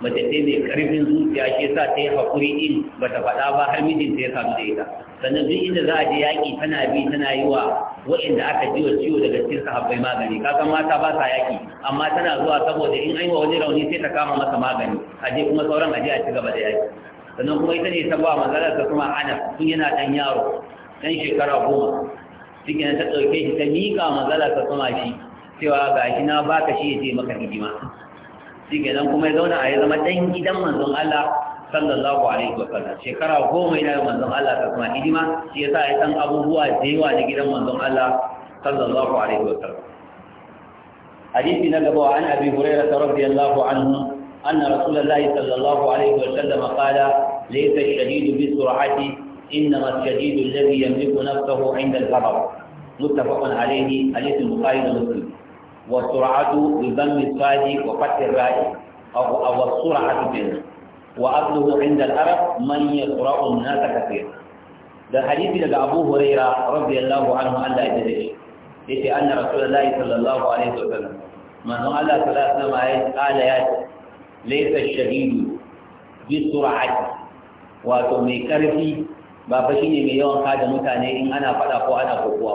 mace ce mai karfin zuciya ke sa ta yi haƙuri in ba ta faɗa ba har mijinta ya samu da ita sannan duk inda za a je yaƙi tana bi tana yi wa waɗanda aka ji wa ciwo daga cikin sahabbai magani kaga mata ba sa yaƙi amma tana zuwa saboda in an yi wa wani rauni sai ta kama masa magani a je kuma sauran a je a ci gaba da yaƙi sannan kuma ita ne ta ba manzalar ta kuma ana tun yana ɗan yaro ɗan shekara goma shi ta ɗauke shi ta miƙa mazala ta sama shi cewa ga shi na ka shi ya je maka hidima shi nan kuma ya zauna a yi zama ɗan gidan manzon Allah sallallahu alaihi wa sallam shekara goma yana yin manzon Allah ta sama hidima shi yasa ya san abubuwa da yawa na gidan manzon Allah sallallahu alaihi wa sallam hadisi na gaba an abi hurairah radiyallahu anhu anna rasulullahi sallallahu alaihi wa sallam qala laysa ash-shadidu bi sur'ati إنما الشديد الذي يملك نفسه عند الغضب متفق عليه حديث البخاري ومسلم والسرعة بضم الصاد وفتح الراء أو أو السرعة بين وأصله عند العرب من يقرأ الناس كثيرا ده حديث لدى أبو هريرة رضي الله عنه أن لا يدري يتي أن رسول الله صلى الله عليه وسلم من قال صلى الله عليه وسلم قال يا ليس الشديد بالسرعة wato mai ƙarfi ba fa shine mai yawan kada mutane in ana faɗa ko ana kokowa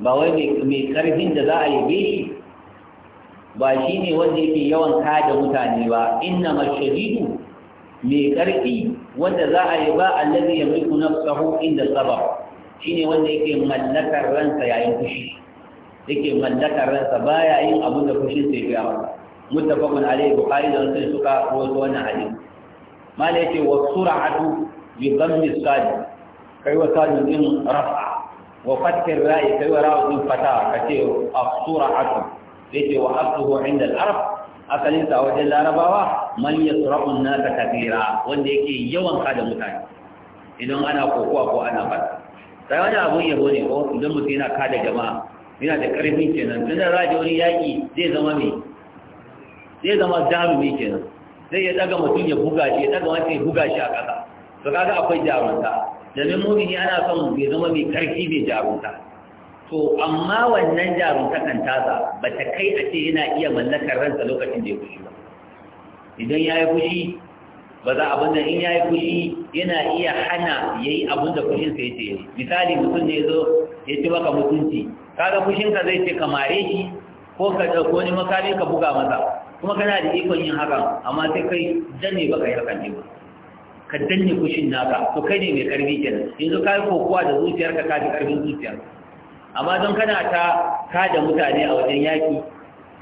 ba ba wai mai karfin da za a yi shi ba shi ne wanda yake yawan kada mutane ba inna mashadidu mai karfi wanda za a yi ba allazi yamliku nafsahu inda sabab shine wanda yake mallakar ransa yayin fushi yake mallakar ransa baya yin abin da fushin sai ya masa muttafaqun alayhi bukhari da muslim suka rawaito wannan hadisi mala yace wa sur'atu bi dhammi sadi kai wa sadi din rafa wa fathi ra'i kai wa ra'u din fata kace asura atu yace wa asluhu inda al-arab asalin sa wajen larabawa man yasrafu an-nas kathira wanda yake yawan kada mutane idan ana kokowa ko ana fata sai wani abun ko jama'a da karfin kenan tunda za wani yaƙi zai zama mai zai zama kenan zai ya daga mutum ya buga shi ya daga wancan ya buga shi a ƙasa to kaga akwai jarunta domin mumini ana son bai zama mai karfi mai jarunta to amma wannan jarunta kan tasa ba ta kai a ce yana iya mallakar ransa lokacin da ya fushi ba idan ya yi fushi ba za abin da in ya yi fushi yana iya hana ya yi abin da fushinsa ya ce ya misali mutum ne zo ya ci maka mutunci kaga fushinka zai ce kamare shi ko ka ɗauko wani makami ka buga masa kuma kana da ikon yin hakan amma sai kai danne ba ka yi hakan ne ba ka danne kushin naka to kai ne mai karfi kenan yanzu kai kokuwa da zuciyarka ka fi karfin zuciya amma don kana ta kada mutane a wajen yaki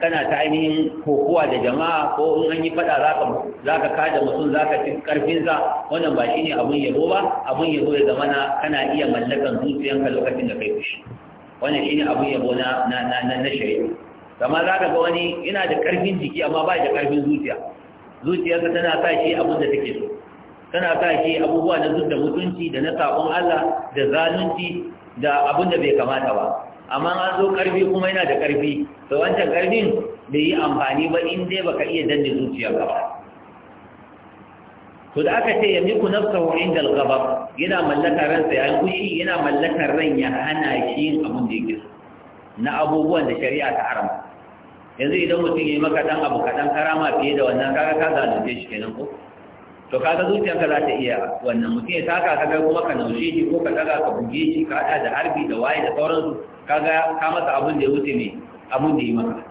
kana ta ainihin kokowa da jama'a ko in an yi fada za ka kada mutum za ka karfin sa wannan ba shi ne abin yabo ba abin yabo ya zama na kana iya mallakan ka lokacin da kai kushi wannan shine abun abin yabo na na shari'a kama za ka ga wani yana da karfin jiki amma ba da karfin zuciya zuciyarsa tana sa shi abin da take so tana sa shi abubuwa na da mutunci da na saƙon Allah da zalunci da abin da bai kamata ba amma an zo ƙarfi kuma yana da ƙarfi, to wancan ƙarfin bai yi amfani ba in dai baka iya danne zuciya ba to da aka ce nafsa wa inda al yana mallaka ransa yayin kushi yana mallakar ran ya hana shi yin abin da yake so na abubuwan da shari'a ta haram yanzu idan mutum ya yi maka dan abu kaɗan karama fiye da wannan kaga ka zalunce shi kenan ko to kaga zuciyarka za ta iya wannan mutum ya taka ga kuma ka naushe shi ko ka daga ka buge shi ka hada da harbi da waye da sauransu kaga ka masa abin da ya wuce ne abin da ya maka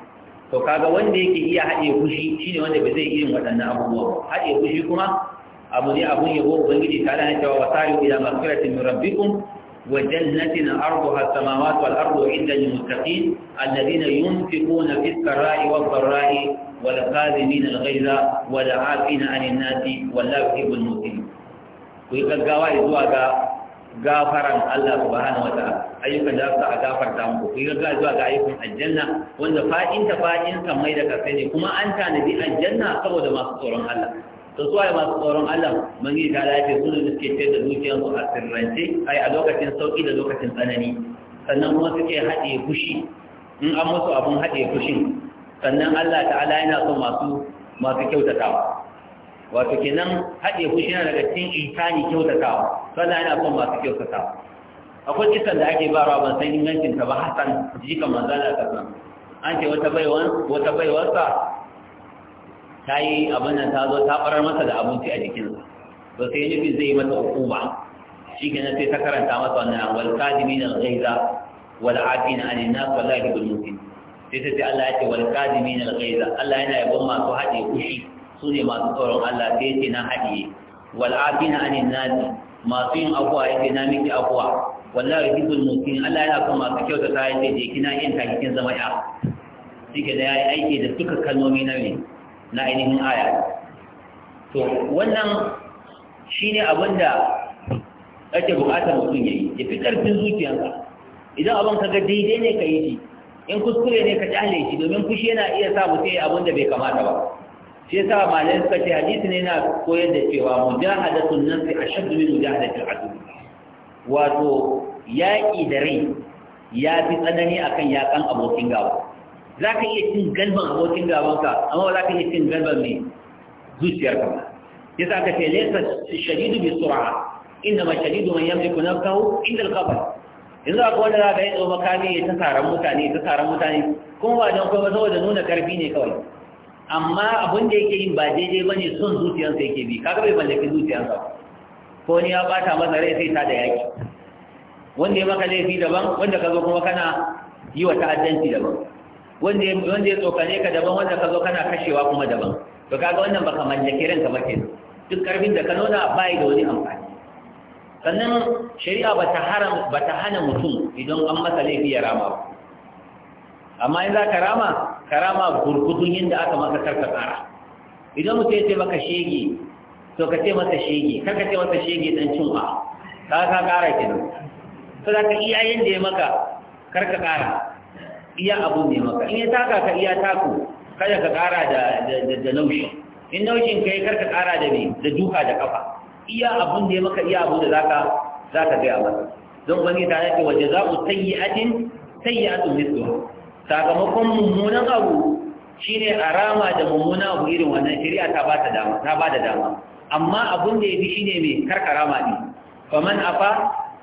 to kaga wanda yake iya haɗe fushi shine wanda ba zai irin waɗannan abubuwa ba haɗe fushi kuma abu ne abun yabo ubangiji ta lana cewa wa sari'u ila maghfiratin min rabbikum wa jannatin arduha as-samawati wal ardu 'inda lil muttaqin alladhina yunfiquna fis-sarai wad-dharra'i والكاذبين الغيظ والعافين عن الناس والله يحب المسلمين ku yi gaggawa zuwa ga gafaran Allah subhanahu wa ta'ala ayyukan da aka a gafarta muku ku yi gaggawa zuwa ga ayyukan aljanna wanda fa'in ta fa'in kan mai da kafe ne kuma an tanadi aljanna saboda masu tsoron Allah to su ai masu tsoron Allah mun yi ta lafiya su ne suke ce da dukiyar su a sirrance ai a lokacin sauki da lokacin tsanani sannan kuma suke haɗe fushi in an musu abun haɗe fushin sannan Allah ta'ala yana son masu masu kyautatawa wato kenan haɗe fushi yana daga cikin itani kyautatawa sannan yana son masu kyautatawa akwai kisan da ake barawa ban san ingancin ta ba hasan jikan manzala ta san an ce wata baiwan wata baiwarsa ta yi abin nan ta zo ta farar masa da abinci a jikinsa Ba sai nufin zai yi masa hukuma shi kenan sai ta karanta masa wannan wal kadimin al-ghaiza wal afina nas wallahi bil muslimin sai ta ce Allah ya ce wal kadimin na ghaiza Allah yana yabon masu haɗe kushi su ne masu tsoron Allah sai ce na haɗe wal afina anin nasi masu yin abuwa ya ce na miki abuwa wallahi hizul mutin Allah yana son masu kyauta ta ce je kina yin kakin zama ya ke da ya yi aiki da suka kalmomi na me na ainihin aya to wannan shine da ake bukatar mutum yayi ya fi ƙarfin zuciyarsa idan abin ka kaga daidai ne ka yi shi in kuskure ne ka kyale shi domin fushi yana iya sa mutum ya abin da bai kamata ba shi yasa malamai suka ce hadisi ne na koyar da cewa mujahadatun nafsi ashaddu min mujahadatil adu wato yaƙi da rai ya fi tsanani akan yaƙan abokin gaba za ka iya cin galban abokin gabanka amma ba za ka iya cin galban mai zuciyarka ba yasa ka ce lesa shadidu bi sur'a ma shadidu man yamliku nafsahu inda al-qabr yanzu akwai wanda za ka yi tsoma makami ta taron mutane ta taron mutane kuma ba don kuma saboda nuna karfi ne kawai amma abin da yake yin ba daidai ba ne son zuciyarsa yake bi kaga bai mallaki zuciyarsa ko ni ya bata masa rai sai ta da yaki wanda ya maka laifi daban wanda ka zo kuma kana yi wa ta'addanci daban wanda wanda ya tsokane ka daban wanda ka zo kana kashewa kuma daban to kaga wannan baka mallaki ranka ba kenan duk karfin da ka nuna bai da wani amfani sannan shari'a ba ta hana mutum idan an masa laifi ya rama amma in za ka rama ka rama gurgudun yadda aka maka karka tsara idan mutum ya ce maka shege to ka ce masa shege karka ce masa shege dan cin ba ka ka kara kenan to za ka iya yadda ya maka karka kara iya abu ne maka in ya taka ka iya taku kada ka kara da da naushi in naushin kai karka kara da ne da duka da kafa iya abun da ya maka iya abun da zaka zaka ga ba don wani ta yake wa ajin, sayyi'atin sayyi'atun mithluha sakamakon mummunan abu shine arama da mummunan abu irin wannan shari'a ta bata dama ta bada dama amma abun da yafi shine mai ma ne man afa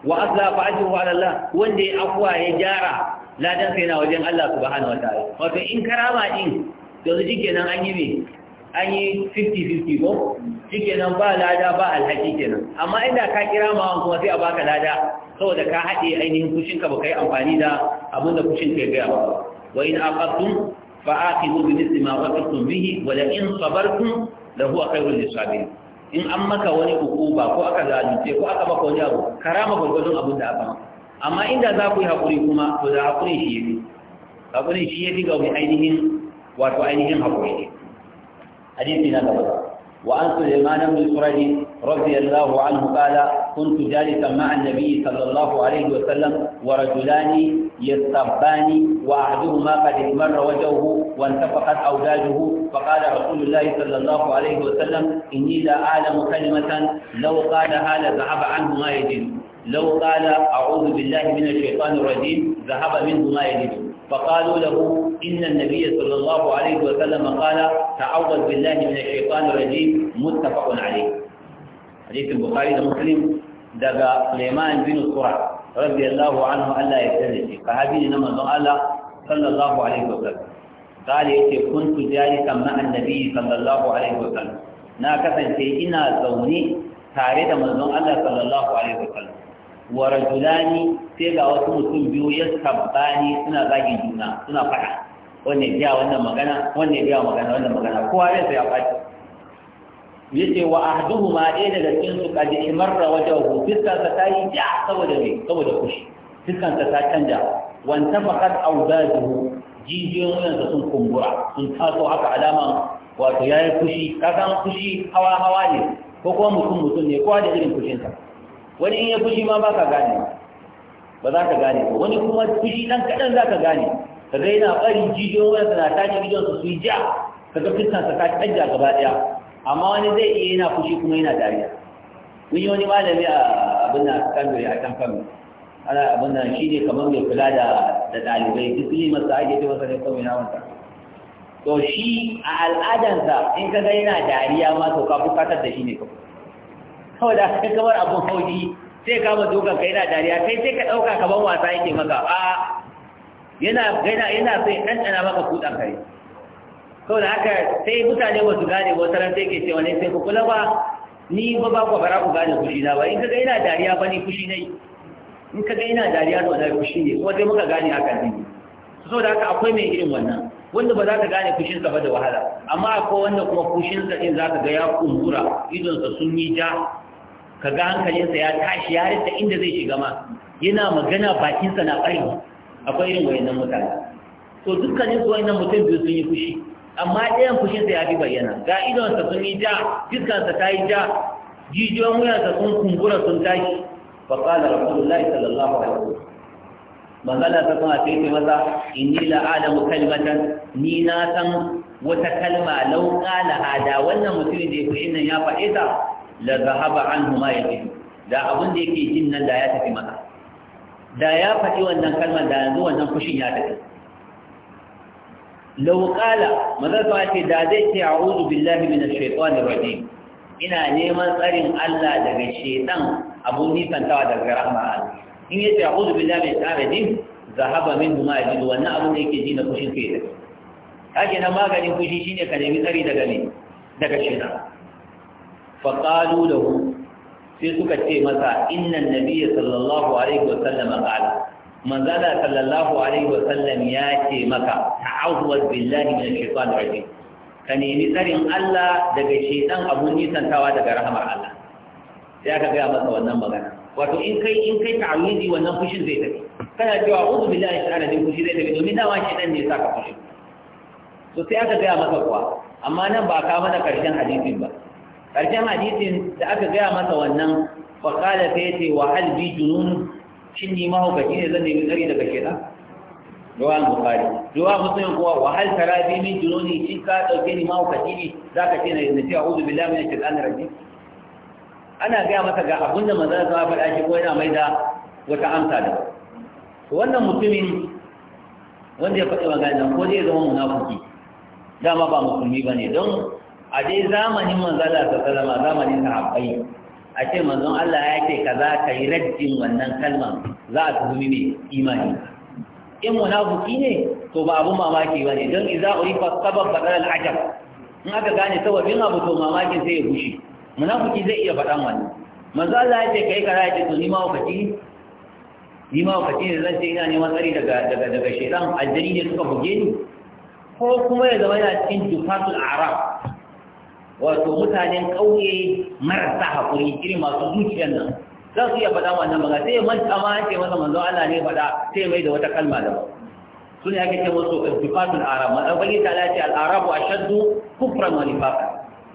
wa azza fa ajruhu ala Allah wanda ya afwa ya gyara ladan sai na wajen Allah subhanahu wataala wato in karama din yanzu nan an yi me an yi 50-50 ko Jike nan ba lada ba alhaki kenan amma inda ka kira wani kuma sai a baka lada saboda ka haɗe ainihin kushinka ba ka yi amfani da abin da kushin ya gaya ba wa in aqattum fa aqimu bi mithli ma aqattum bihi wa la in sabartum la huwa khairul lisabirin in an maka wani ukuba ko aka zalunce ko aka baka wani abu karama gurgurdun abin da aka amma inda za ku yi haƙuri kuma to da haƙurin shi yafi haƙurin shi yafi ga wani ainihin wato ainihin haƙuri حديثنا قبل وعن سليمان بن سرج رضي الله عنه قال كنت جالسا مع النبي صلى الله عليه وسلم ورجلان يستبان وأحدهما قد احمر وجهه وانتفقت أوداجه فقال رسول الله صلى الله عليه وسلم إني لا أعلم كلمة لو قالها لذهب عنه ما يجد لو قال أعوذ بالله من الشيطان الرجيم ذهب منه ما يجد فقالوا له إن النبي صلى الله عليه وسلم قال تعوذ بالله من الشيطان الرجيم متفق عليه حديث البخاري ومسلم دغا سليمان بن القرع رضي الله عنه ألا يبتدئ فهذه نما قال صلى الله عليه وسلم قال يتي كنت جالسا مع النبي صلى الله عليه وسلم na kasance ina zaune tare da manzon Allah sallallahu alaihi wasallam wa rajulani sai ga wasu mutum biyu ya sabbani suna zagin juna suna faɗa wanne biya wannan magana wanne biya magana wannan magana kowa ya sai ya faɗi yace wa ahduhuma ɗaya daga cikin su kaji imarra wajahu fiskar ta yi ja saboda me saboda kushi fiskar ta canja wan tafaqat awdaduhu jijiyoyin wuyansa sun kumbura sun taso haka alama wato yayi kushi kasan kushi hawa hawa ne ko kuma mutum mutum ne kowa da irin kushinsa wani in ya fushi ma ba ka gane ba za ka gane ba wani kuma fushi ɗan kaɗan za ka gane ka ga yana ɓari jijiyo wani suna tashi gidan su yi ja ka ga sa ta canja gaba ɗaya amma wani zai iya yana fushi kuma yana dariya kun yi wani malami a abin da kan a can kan ana abin nan shi ne kamar mai kula da da ɗalibai duk yi masa ake ce masa ne kawai na wanta to shi a al'adansa in ka ga yana dariya ma to ka fatar da shi ne kuma saboda kai kamar abun hauji sai ka ma dukan kai na dariya kai sai ka dauka kaman wasa yake maka a yana yana yana sai dan dana maka kudan kai saboda haka sai mutane ba su gane wata ran sai ke cewa ne sai ku kula ba ni ba ba ku fara ku gane fushi na ba in kaga ina dariya ba ni fushi ne? in kaga ina dariya to na fushi ne kuma sai muka gane haka ne saboda haka akwai mai irin wannan wanda ba za ka gane fushinsa ba da wahala amma akwai wanda kuma fushinsa ɗin za ka ga ya kumbura idonsa sun yi ja Ka ga hankalinsa ya tashi ya rinta inda zai shiga ma yana magana bakinsa na ƙari akwai irin wayannan mutane to dukkanin su wayannan mutum biyu sun yi fushi amma ɗayan fushinsa ya fi bayyana ga idonsa sun yi ja fiskansa ta yi ja jijiyoyin wuyansa sun kumbura sun tashi fa qala rasulullahi sallallahu alaihi wasallam magana ta kuma sai ce maza inni la alamu kalmatan ni na san wata kalma lau qala hada wannan mutumin da ya fushin nan ya faɗe ta la zahaba anhu ma yajidu da abun da yake jin nan da ya tafi maka da ya faɗi wannan kalmar da yanzu wannan kushin ya tafi law qala madaka ce da zai ce a'udhu billahi minash shaitanir rajim ina neman tsarin Allah daga shaitan abun nisantawa daga rahmar Allah in yace a'udhu billahi minash shaitanir rajim zahaba min ma yajidu wannan abun da yake ji na kushin sai da kage na maganin kushi shine ka nemi tsari daga ne daga shaitan faƙalu da hu sai suka ce masa innan nabiya sallallahu alaihi wa sallam qala manzala sallallahu alaihi wa sallam ya ce maka ta'awwaz billahi minash shaitanir rajim ka nemi tsarin Allah daga shaitan abun nisantawa daga rahamar Allah sai aka gaya masa wannan magana wato in kai in kai ta'awizi wannan fushin zai tafi kana cewa uzu billahi ta'ala din fushi zai tafi domin dama shaitan ne ya saka fushi to sai aka gaya masa kuwa amma nan ba ka mana karshen hadisin ba karshen hadisin da aka gaya masa wannan faƙala sai ce wa hal bi junun shin ni mahaukaci ne zan nemi tsari daga shaitan ruwa bukari ruwa musulun kuwa wa hal tara bi min jununi shi ka dauke ni mahaukaci ne za ka ce na yin ce a'udhu billahi min shaitanir rajim ana gaya masa ga abin da manzon sa faɗa shi ko yana mai da wata amsa da wannan mutumin wanda ya faɗi magana ko zai zama munafiki dama ba musulmi bane don a dai zamanin manzala ta salama zamanin sahabbai a ce manzon Allah ya ce kaza ka yi rajin wannan kalman za a tuhumi mai imani in munafiki ne to ba abun mamaki ba ne don iza urifa sabab badal al-ajab in aka gane sababin abu to mamakin sai ya bushe munafiki zai iya faɗan wannan manzo Allah ya ce kai kaza ya ce to ni ma wakaci ni wakaci ne zan ce ina neman tsari daga daga daga shedan aljani ne suka buge ni ko kuma ya zama yana cikin dukatul arab wato mutanen ƙauye marasa haƙuri irin masu zuciyar nan za su iya faɗa wannan magana sai man tsama ce masa manzo Allah ne faɗa sai mai da wata kalma da ba su ne ake ce musu irtifatul arab matsabali ta lati al a shaddu kufran wa nifaq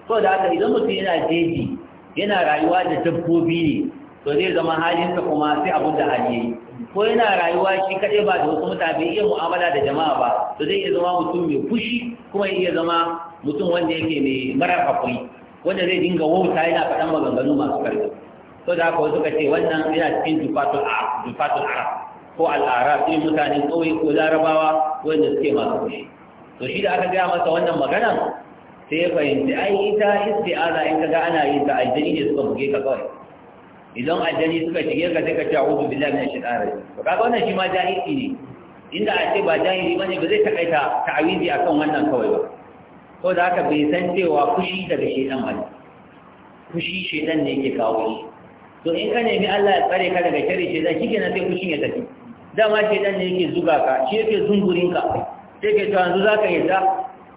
so da haka idan mutum yana jeji yana rayuwa da dabbobi ne to zai zama halinsa kuma sai abin da hali yayi ko yana rayuwa shi kaɗai ba da wasu mutane iya mu'amala da jama'a ba to zai iya zama mutum mai fushi kuma iya zama mutum wanda yake mai marar hakuri wanda zai dinga wauta yana faɗan maganganu masu ƙarfi to da haka wasu ka ce wannan yana cikin dufatul a ko al'ara, sai mutanen ƙauye ko larabawa wanda suke masu fushi to shi da aka gaya masa wannan magana sai ya fahimci ai ita isti'aza in ka ga ana yin ta aljani ne suka buge ka kawai idan aljani suka shige ka sai ka ce a'udhu billahi minash shaitani rajim to kaga wannan shi ma jahili ne inda a ce ba jahili bane ba zai takaita ta'awizi akan wannan kawai ba ko da haka bai san cewa fushi daga shaitan ba fushi shaitan ne yake kawo shi to in ka nemi Allah ya tsare ka daga shari shaitan shikenan sai fushin ya tafi dama shaitan ne yake zuga ka shi yake zungurin ka sai ke to yanzu zaka yi ta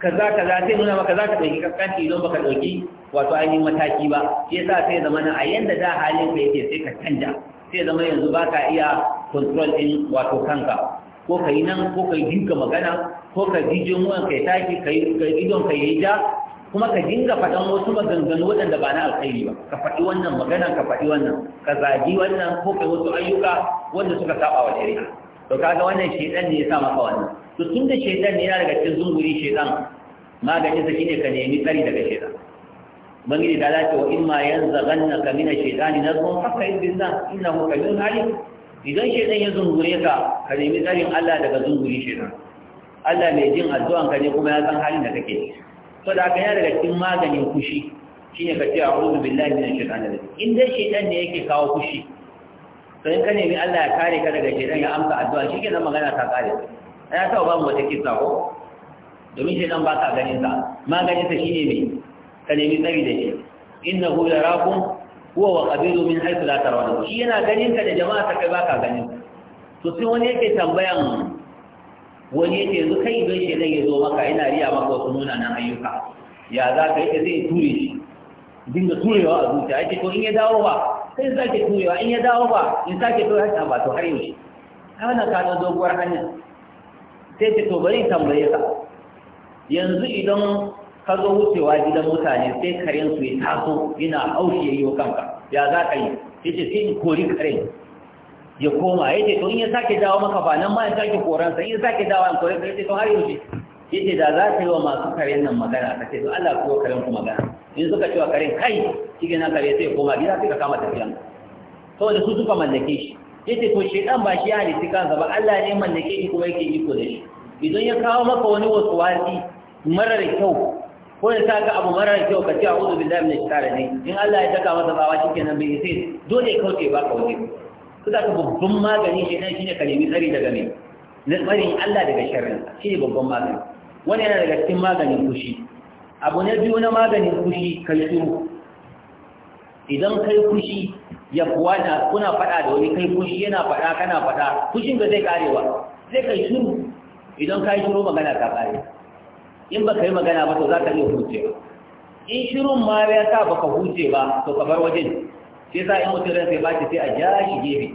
kaza kaza sai nuna maka za ka ɗauki kaskanci don baka dauki wato ainihin mataki ba shi yasa sai zama na a yanda da halin ka yake sai ka canja sai zama yanzu ba ka iya control din wato kanka ko ka nan ko ka dinka magana ko ka ji jimuwan ka taki ka yi idon ka yi ja kuma ka dinga faɗan wasu maganganu waɗanda ba na alkhairi ba ka faɗi wannan magana ka faɗi wannan ka zagi wannan ko kai wasu ayyuka wanda suka saba wa shari'a to kaga wannan dan ne ya sa maka wannan to tun da shaidan ne yana daga cikin zunguri shaidan maganin sa shine ka nemi tsari daga shaidan bangiji da lati wa imma yanzaganna ka min ash-shaytani nazghun fasta'id billah innahu qawiyyun alim idan shaidan ya zungure ka ka nemi tsarin Allah daga zunguri shaidan Allah mai jin addu'an ka ne kuma ya san halin da kake to da kan daga cikin maganin kushi shine ka ce a'udhu billahi minash shaitani rajim in dai shaitan ne yake kawo kushi to in ka nemi Allah ya kare ka daga shaitan ya amsa addu'a shikenan magana ta kare ya taɓa babu wata kisa ko domin shi nan ba ta ganin sa maganin sa shine me ka nemi tsari da shi innahu yarakum huwa wa qabilu min haythu la tarawun shi yana ganin ka da jama'a ta kai ba ka ganin to sai wani yake tambayan wani yake yanzu kai idan shi zai zo maka ina riya maka wasu munanan ayyuka ya za ka yake zai ture shi dinga turewa a zuciya ake to in ya dawo ba sai sake turewa in ya dawo ba in sake turewa ba to har yaushe ta na kano doguwar hanyar. sai ce to bari tambaye ka yanzu idan ka zo wucewa gidan mutane sai karen su ya taso yana haushi ya yi wa kanka ya za ka yi ya ce sai in kori karen ya koma ya ce to in ya sake dawo maka ba nan ma ya sake koransa in ya sake dawo an kore ya ce to har yaushe ya ce da za ka yi wa masu karen nan magana ka ce to Allah kuwa karen ku magana in suka cewa karen kai shi na kare sai ya koma gida sai ka kama tafiyan saboda su suka mallake shi yace to shedan ba shi ya halitta kansa ba Allah ne mallake shi kuma yake iko da shi idan ya kawo maka wani waswasi marar kyau ko ya sa ka abu marar kyau ka ce a uzu billahi min shaitan ne in Allah ya saka masa tsawa shikenan bai sai dole kauce ba ka wuce kuka ka babban magani shi shine ka nemi tsari daga me na tsari Allah daga sharrin ne babban magani wani yana daga cikin maganin fushi abu na biyu na maganin fushi kai shiru idan kai fushi ya kuwa na kuna faɗa da wani kai fushi yana faɗa kana faɗa fushin ba zai karewa zai kai shiru idan ka yi shiru magana ka kare in ba ka yi magana ba to za ka iya huce in shirun ma ya sa ba ka huce ba to ka bar wajen sai sa in mutum sai ba bace sai a ja shi gefe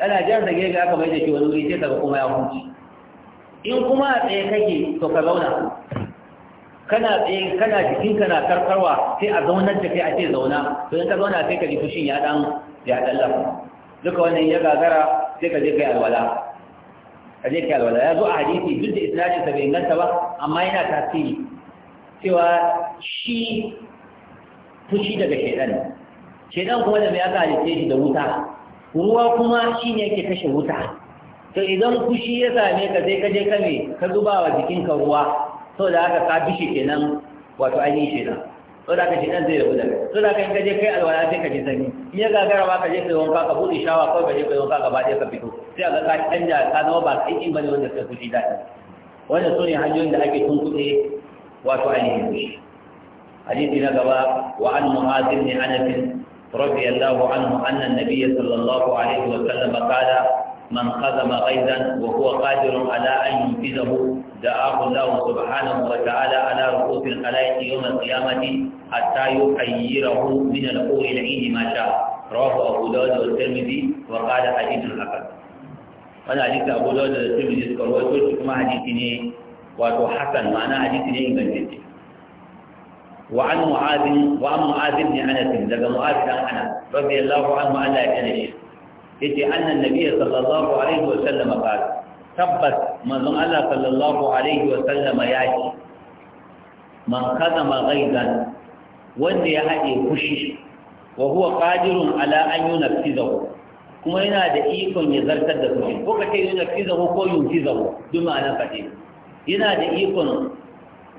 ana jan da gefe aka mai da shi wani wuri sai ka kuma ya huce in kuma a tsaye kake to ka zauna kana tsaye kana jikin kana karkarwa sai a zaunar da kai a ce zauna to ka zauna sai ka ji fushin ya dan ya dan lafa duka wannan ya gagara sai ka je kai alwala ka je kai alwala ya zo a hadisi duk da isnadi sa bai inganta ba amma yana tasiri cewa shi fushi daga shedan shedan kuma da mai aka halice shi da wuta ruwa kuma shi ne yake kashe wuta to idan fushi ya same ka sai ka je ka ka zuba wa jikinka ruwa so da aka ka shi kenan wato ainihin shaidan so da haka shaidan zai rabu da kai so da aka in ka je kai alwala sai ka ji sanyi in ya gagara ba ka je kai wanka ka buɗe shawa kawai ka je kai wanka gaba ɗaya ka fito sai ka ka canja ka zama ba ka yi bane wanda suka fushi daɗi wannan su ne hanyoyin da ake tunkuɗe wato ainihin fushi hadisi na gaba wa an muhazin ne anafin رضي الله عنه أن النبي صلى الله عليه وسلم قال من قدم غيظا وهو قادر على أن ينفذه دعاه الله سبحانه وتعالى على رؤوس الخلائق يوم القيامة حتى يحيره من الحور العين ما شاء رواه أبو داود والترمذي وقال حديث حسن وانا حديث أبو داود والترمذي ذكروه كما حديث ني واتو حسن معناه حديث من إنجلتي وعن معاذ وعن معاذ بن أنس لقى معاذ بن أنس رضي الله عنه لا يتنشي إذ أن النبي صلى الله عليه وسلم قال tabbas manzon Allah sallallahu alaihi wa sallama ya ce man kazama ghaizan wanda ya haɗe fushi wa huwa qadirun ala an yunfizahu kuma yana da ikon ya zartar da fushi ko kace yunfizahu ko yunfizahu duk ma'ana kace yana da ikon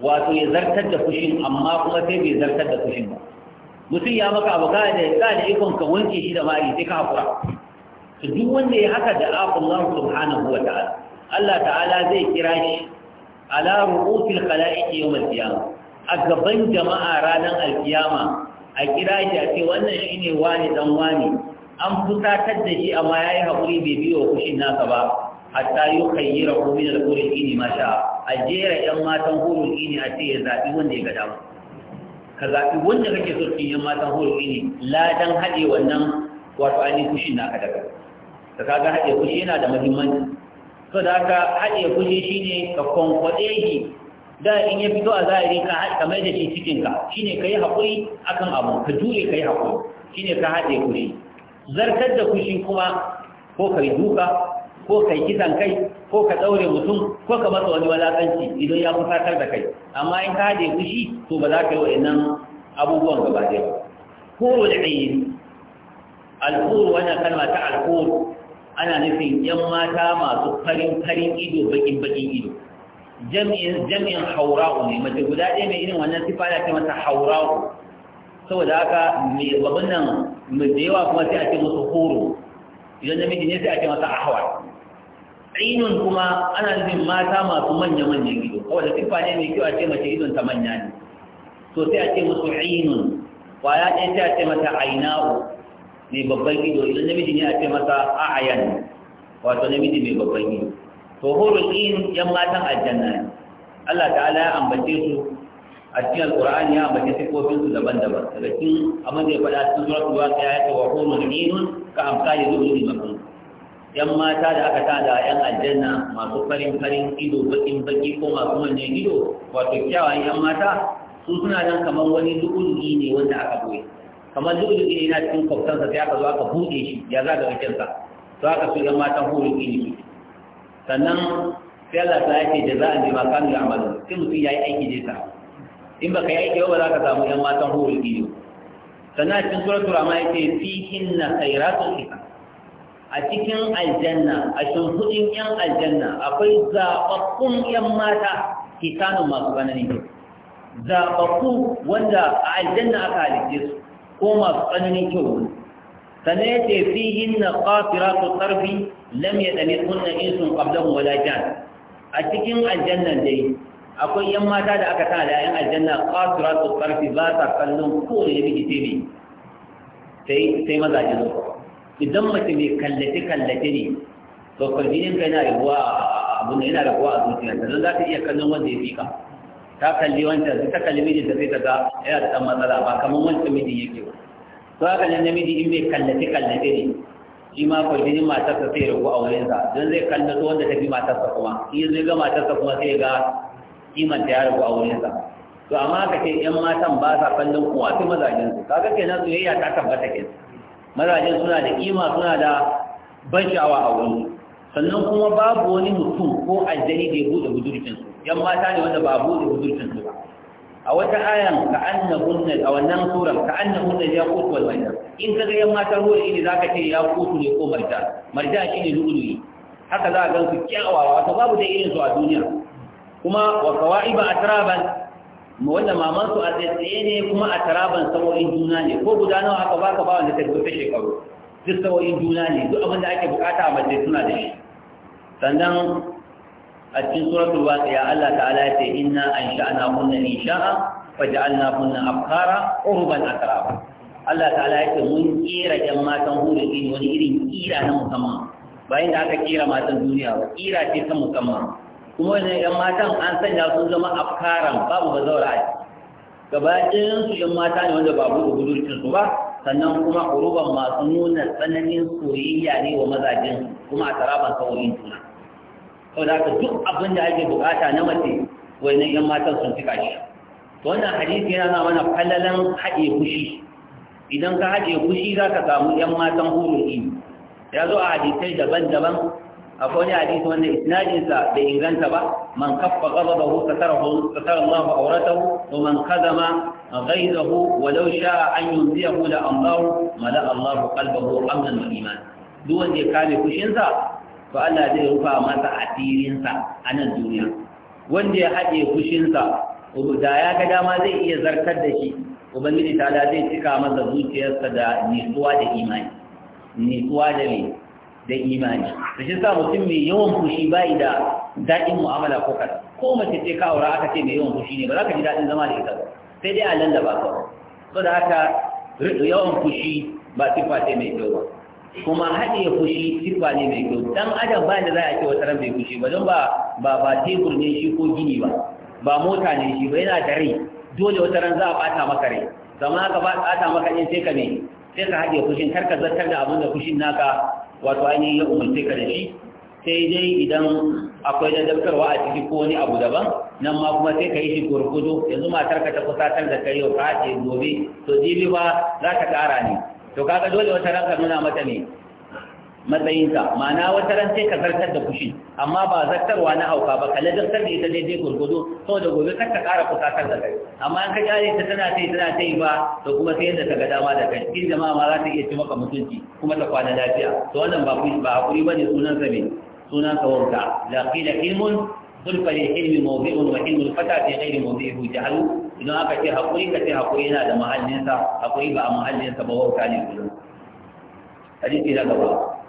wato ya zartar da fushin amma kuma sai bai zartar da fushin ba mutum ya maka abu ka da ikon ka wanke shi da mari sai ka hakura to duk wanda ya haka da Allah subhanahu wa ta'ala Allah ta'ala zai kira shi ala ru'usil khala'iq yawm al-qiyamah a gaban jama'a ranar al-qiyama a kira shi a ce wannan shine wani dan wani an fusatar da shi amma yayi hakuri bai biyo kushin naka ba hatta yukhayyira hu min al-hurul ini ma sha a jera yan matan hurul ini a ce ya zabi wanda ya ga dama ka zabi wanda kake so cikin yan matan hurul la dan haɗe wannan wato ainihin kushin naka daga da kaga haɗe fushi yana da muhimmanci so da haka haɗe fushi shine ka kwankwaɗe shi da in ya fito a zahiri ka haɗe kamar da shi cikinka shine ka yi haƙuri akan abu ka jure ka yi haƙuri shine ka haɗe fushi zartar da kushi kuma ko ka yi duka ko ka yi kisan kai ko ka ɗaure mutum ko ka masa wani walaƙanci idan ya fusatar da kai amma in ka haɗe kushi, to ba za ka yi wa'annan abubuwan gaba ɗaya ba kuro da ɗaya alkuru wannan kalma ta alkuru ana nufin yan mata masu farin farin ido bakin bakin ido jami'in jami'in haura'u ne mace guda ɗaya mai irin wannan sifa ya ce mata haura'u saboda haka mai babban nan mai da yawa kuma sai a ce musu horo idan namiji ne sai a ce masa ahwa ainun kuma ana nufin mata masu manya manyan ido kawai da sifa ne mai kyau a ce mace idon ta manya ne to sai a ce musu ainun kwaya ɗaya sai a ce mata aina'u mai babban ido idan namiji ne a ce masa a'ayan wato namiji mai babban ido to hurul in yan matan aljanna ne Allah ta'ala ya ambace su a cikin alqur'ani ya ambace sifofin su daban-daban daga cikin amma ya faɗa cikin suratul waqi'a ya ce wa hurul in ka amsali zuhuri makun yan mata da aka tada yan aljanna masu farin farin ido bakin baki ko masu manyan ido wato kyawawan yan mata su suna nan kamar wani lu'ulli ne wanda aka boye kamar duk da yana cikin kwaftansa sai aka zo aka buɗe shi ya za ga rikinsa to aka su yan matan hurun ilimi sannan sai Allah ta yake da za a ji makanu ya amalu sai mutum ya yi aiki da ta in baka yi aiki ba za ka samu yan matan hurun ne sannan cikin suratul rama yake fi na khairatu hikam a cikin aljanna a shimfiɗin 'yan aljanna akwai zaɓaɓɓun 'yan mata kisanin masu tsanani zaɓaɓɓu wanda a aljanna aka halitte su ko masu tsananin kyau sannan ya ce fi hinna qasiratu tarfi lam yadalikunna insun qablahum wala jan a cikin aljannan dai akwai yan mata da aka tana da yan aljanna qasiratu tarfi ba ta kallon ko ne miji tebe sai sai mazaje zo idan mace mai kallace kallace ne to farjinin kai na rabuwa abun da yana rabuwa a zuciyarta don za ta iya kallon wanda ya fi ka ta kalli wancan ta kalli miji da sai ta ga yana da ɗan matsala ba kamar wancan miji yake ba to haka nan namiji in bai kallace kallace ne shi ma kwarjinin matarsa sai ragu a wurinsa don zai kallato wanda ta fi matarsa kuma in zai ga matarsa kuma sai ga kimanta ya ragu a wurinsa to amma haka ce yan matan ba sa kallon kuwa su mazajen su kaga kenan soyayya ta tabbata ke mazajen suna da kima suna da ban sha'awa a wurin sannan kuma babu wani mutum ko aljani da ya buɗe budurcin su yan mata ne wanda ba a buɗe budurcin su ba a wata ayan ka anna hunna a wannan suran ka anna hunna ya kutu wal marja in ka ga yan mata ruwa ne zaka ce ya kutu ne ko marja marja shine lu'lu'i haka za a gan su kyawawa to babu da irin su a duniya kuma wa kawaiba atraban wanda maman su a tsaye ne kuma a taraban sawo'in juna ne ko guda nawa aka baka ba wanda ta gurfe shekaru duk sawo'in juna ne duk abin da ake bukata a mace suna da shi sannan a cikin suratul waqi'a Allah ta'ala ya ce inna ansha'na kunna insha'a waja'alna kunna abkara urban atraba Allah ta'ala ya ce mun kira 'yan matan hudu din wani irin kira na musamman bayan da aka kira matan duniya ba kira ce ta musamman kuma ne 'yan matan an sanya sun zama afkaran babu bazawar a gaba ɗayan su ƴan mata ne wanda babu budurcin su ba sannan kuma ƙuruban masu nuna tsananin soyayya ne wa mazajen kuma a taraban saurin juna sau da duk abin da ake bukata na mace wani yan matan sun cika shi wannan hadisi yana mana fallalan haɗe fushi idan ka haɗe fushi za ka samu yan matan hululi ya zo a hadisai daban-daban akwai wani hadisi wanda isnadinsa bai inganta ba man kaffa ghadabahu satarahu satara a awratahu Ko man kadama ghayzahu walau sha'a an yunziyahu la amdahu mala Allahu qalbahu amnan wa duk wanda ya kame kushinsa to Allah zai rufa masa asirinsa a nan duniya wanda ya haɗe fushinsa da ya ga dama zai iya zartar da shi ubangiji ta zai cika masa zuciyarsa da nisuwa da imani Nisuwa da ne da imani da shi sa mutum mai yawan fushi bai da daɗin mu'amala ko kada ko mace ce ka aura aka ce mai yawan fushi ne ba za ka ji daɗin zama da ita ba sai dai a lallaba ka ba da haka yawan kushi ba sifa ce mai kyau ba kuma haɗe fushi sirba ne mai kyau dan adam ba da za a ce wata ran bai fushi ba don ba ba ba tebur ne shi ko gini ba ba mota ne shi ba yana da rai dole wata ran za a bata maka rai zama haka ba bata maka ne sai ka ne sai ka haɗe fushin kar ka zartar da abin da fushin naka wato ainihin ya umarce ka da shi sai dai idan akwai dabtarwa a ciki ko wani abu daban nan ma kuma sai ka yi shi gurgudu yanzu matar ka ta kusatar da kai yau ka haɗe gobe to jibi ba za ka ƙara ne to kaga dole wata ranka nuna mata ne matsayinka ma'ana wata ran sai ka zartar da kushi amma ba zartarwa na hauka ba kalle zartar da ita daidai gurgudu saboda gobe kar ta ƙara fusatar da kai amma in ka kyale ta tana sai tana ta yi ba to kuma sai yadda ta ga dama da kai Kin jama'a ma za ta iya ci maka mutunci kuma ta kwana lafiya to wannan ba ba hakuri ba ne sunan sa ne sunan sa wauta laqila ilmun zulfa li ilmi mawdi'un wa ilmul fata fi ghairi idan aka ce haƙuri ka ce haƙuri yana da mahallinsa haƙuri ba a mahallinsa ba wauta ne kullum hadisi na gaba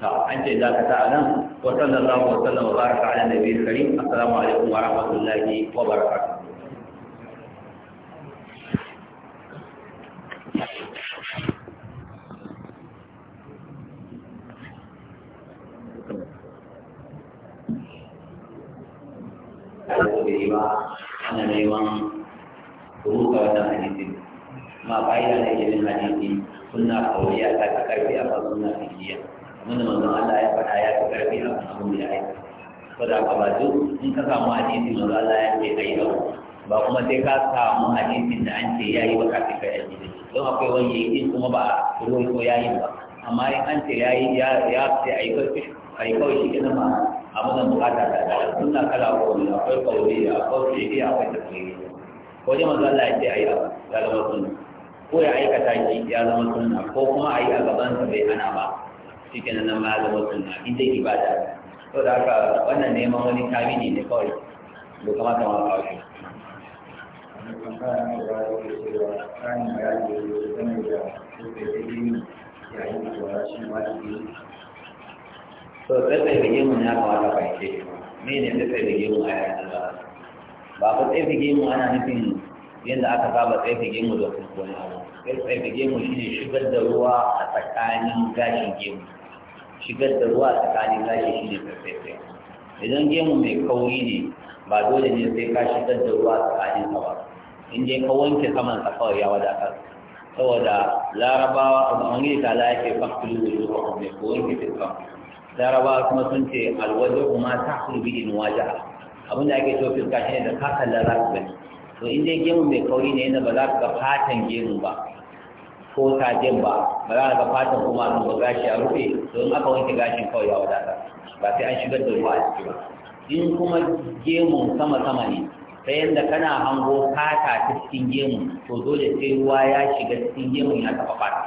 ta an ce za ka ta a nan wa sallallahu wa sallam wa baraka ala nabiyil karim assalamu alaikum wa rahmatullahi wa barakatuh kada ko bai ba ana neman rubuta wannan hadisin ma fa'ida da ilimin hadisi sunna kauliya ta fi karfi a kan sunna fikiya wanda manzon Allah ya faɗa ya ta karfi a kan abin da ya aika ko da ba duk in ka samu hadisi manzon Allah ya ce kai yau ba kuma sai ka samu hadisin da an ce yayi ba kafin ka yi don akwai wani yayi kuma ba ruwan ko yayi ba amma in an ce yayi ya ya ce ayi kawai shi kenan ma a muna bukata da da suna kala kowani akwai kauri da akwai fiye akwai tafiye ko dai manzo Allah ya ce ayi abu ya zama suna, ko ya aikata shi ya zama suna, ko kuma a yi a gaban sa bai ana ba shi kenan nan ma ya zama suna, in dai ibada to da haka wannan neman wani kamini ne kawai bai kamata ma kawo shi yayin da shi ma da to tsaye da gemu ya kamata ka ce mene tsaye da mu a yayin da ba ku tsaye da gemu ana nufin yadda aka saba tsaye da gemu da kuma wani abu tsaye da gemu shine shigar da ruwa a tsakanin gashin gemu shigar da ruwa a tsakanin gashi shine tsaye idan gemu mai kauri ne ba dole ne sai ka shigar da ruwa tsakanin ka ba in dai ka wanke saman sa kawai ya wadatar saboda larabawa a wani ta la yake fakilu wujuhakum ne ko wanke fiskan laraba kuma sun ce alwaje kuma ta bi in wajaha abin da ake so fiska shi ne da ka kalla za ku gani to in dai gemu mai kauri ne yadda ba za ka ga fatan gemu ba ko tajin ba ba za ka ga fatan kuma sun ba gashi a rufe to in aka wanke gashin kawai ya wadata ba sai an shigar da ruwa a ciki ba in kuma gemun sama-sama ne ta yadda kana hango fata ta cikin gemu to dole sai ruwa ya shiga cikin gemun ya taɓa fata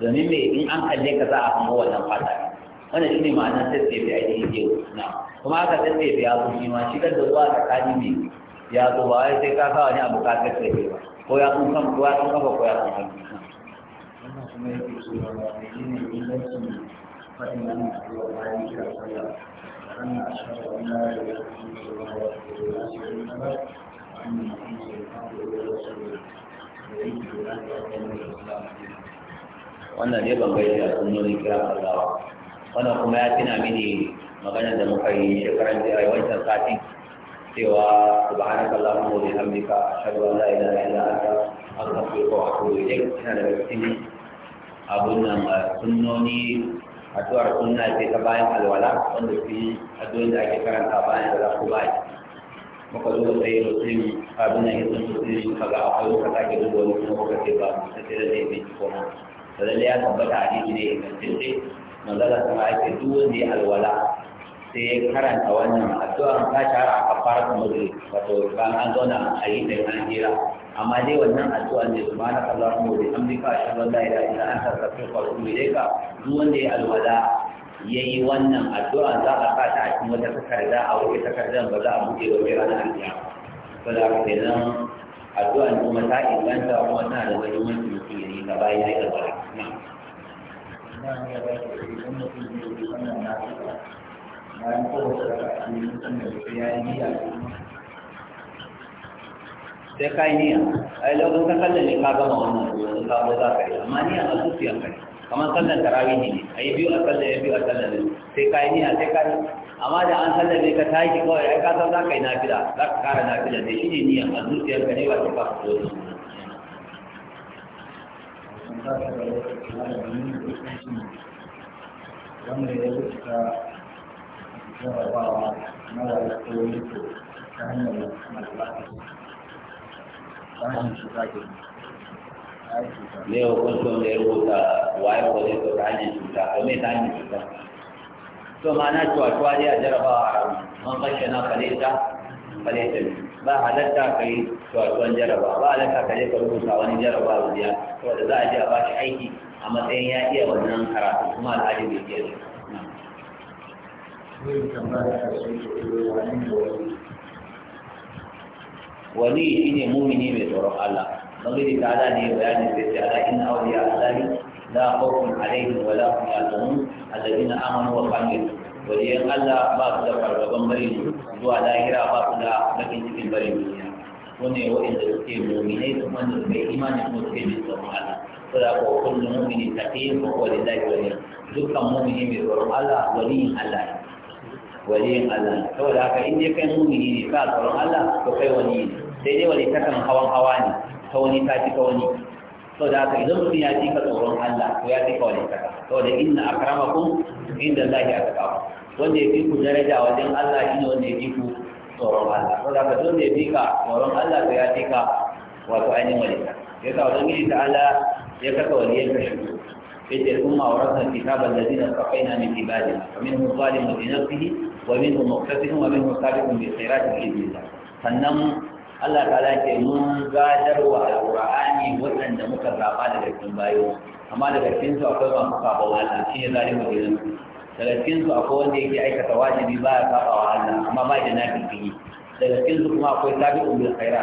domin me in an kalle ka za a hango wannan fata wannan shine ma'anar tattafe ainihin yau na kuma haka tattafe ya zo shi ma shigar da ruwa ne ya zo ba wai sai ka sa wani abu ka tattafe ba ko ya kun san ko ya kun kafa ko ya kun san wannan kuma ne ban bai da ruwa kira sallah a kira wannan kuma ya tuna mini magana da muka yi shekaran da wancan satin cewa subhanaka allahumma wa bihamdika ashhadu an la ilaha illa anta astaghfiruka wa atubu ilayk ina da cikin abun nan sunnoni addu'ar sunna ce ta bayan alwala wanda fi addu'ar da ake karanta bayan da ku bai muka zo sai muslim abin nan yasan muslim kaga akwai wata take dubo wani kuma kuka ce ba ta ce da zai bi ko da lalle ya tabbata hadisi ne ingantacce manzala kuma ake ce duk wanda ya alwala sai ya karanta wannan addu'a ta shara a kafarat maghrib wato bayan an zauna a yi da an jira amma dai wannan addu'a ne subhanaka allahumma wa bihamdika ashhadu an la ilaha illa anta astaghfiruka wa atubu ilayka duk wanda ya alwala Ya yi wannan addu'a za a sa ta a cikin wata takarda a wurin takardar ba za a buɗe wa mai ranar alƙiyama saboda haka kenan addu'a kuma ta inganta kuma tana da muhimmanci mutum ya yi ta bayan ya yi alwala देखा ही नहीं है लोग उनका कल्याण लिखा तो मान उनका बोधा करे मानिए हम कुछ किया करें हमारा करा भी नहीं ये भी असल है ये भी असल है देखा ही नहीं है देखा हमारे आंसर ने भी कथा है कि कोई एक कहना किया रख कारण किया देखी नहीं है मजदूर करने वाले का ba ta da wata tsara wanda ya rubuta jarabawa mara da koyi ta hanyar malabata bayan ne wa kusurci da ya rubuta waye kwaje ta hanyar cuta ta cuta to ma na cuwa-cuwa a jarabawa a ramu man kashe na falaita ba halatta ka yi tuwatuwan jaraba ba halatta ka je ka rubuta wani jaraba a biya saboda za a je a ba shi aiki a matsayin ya iya wannan karatu kuma alhaji bai iya shi. wani shi ne mumini mai tsoron Allah magidi ta ala ne bayanin da ta ala inna awliya allahi la khawfun alaihim wa la hum yahzanun alladhina amanu wa kanu yan Allah ba su da fargaban barin zuwa lahira ba su da bakin cikin barin duniya wani wa'inda suke muminai su wanda suka bai imanin kuma suke mai tsoron Allah ko da ko kullu mu'mini taqiyyun fa wani lillahi wani dukkan mu'mini mai tsoron Allah waliyin Allah ne waliyin Allah ne saboda haka in dai kai mu'mini ne ka tsoron Allah ko kai wani ne sai dai wani takan hawan hawa ne ta wani ta ci ta wani saboda haka idan mutum ya ci ka tsoron Allah to ya ci ka wani taka saboda inna akramakum inda Allah ya taka wanda ya fi ku daraja wajen Allah ne wanda ya fi ku tsoron Allah ko da ka zo ne fi ka tsoron Allah ko ya fi ka wato ainihin walita ya sa wajen gidi ta Allah ya kasa waliyan ka shi yake kuma awrasna kitaban ladina safaina min ibadina faminhum zalimun li nafsihi wa mu muqtasidun wa minhum sabiqun bil khairati bi idhnillah sannan Allah ta'ala ke mun gadar wa qurani waɗanda muka zaba daga cikin bayo amma daga cikin su akwai masu sabo Allah shi ne zalimin li nafsihi daga cikin su akwai wanda yake aikata wajibi ba ya saba wa Allah amma ba da na bibiyi daga cikin su kuma akwai tabi'un umar kaira,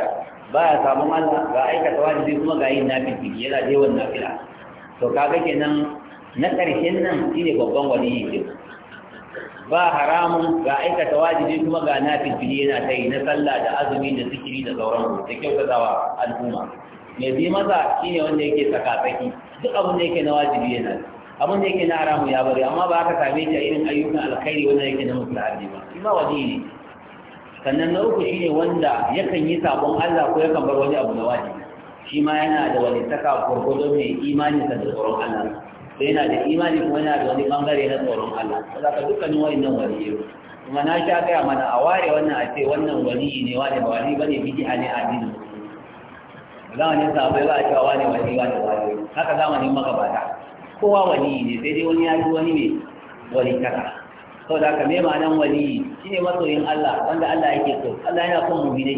ba ya samu Allah ga aikata wajibi kuma ga yin nafifi yana da yawan nafila to kaga kenan na ƙarshen nan shine babban yi ke ba haramun ga aikata wajibi kuma ga nafifi yana ta yi na sallah da azumi da zikiri da sauran da wa al'umma mai bi maza shine wanda yake tsaka-tsaki duk abin da yake na wajibi yana da abin da yake na haramu ya bari amma ba ka same shi a irin ayyukan alkhairi wanda yake na mustahabi ba shi ma waje ne sannan na uku shine wanda yakan yi sabon Allah ko yakan bar wani abu na wajibi shi ma yana da wani saka gurgudu mai imani da tsoron Allah sai yana da imani kuma yana da wani bangare na tsoron Allah Ba za wani dukkanin wa'annan yau. kuma na sha gaya mana a ware wannan a ce wannan wani ne wani ba wani bane a ne addini zamanin sabai ba a cewa wani wani wani wani haka zamanin magabata kowa wani ne sai dai wani ya yi wani ne wani kara So da ka mai ma'anan wani shi ne masoyin Allah wanda Allah yake so Allah yana son muminai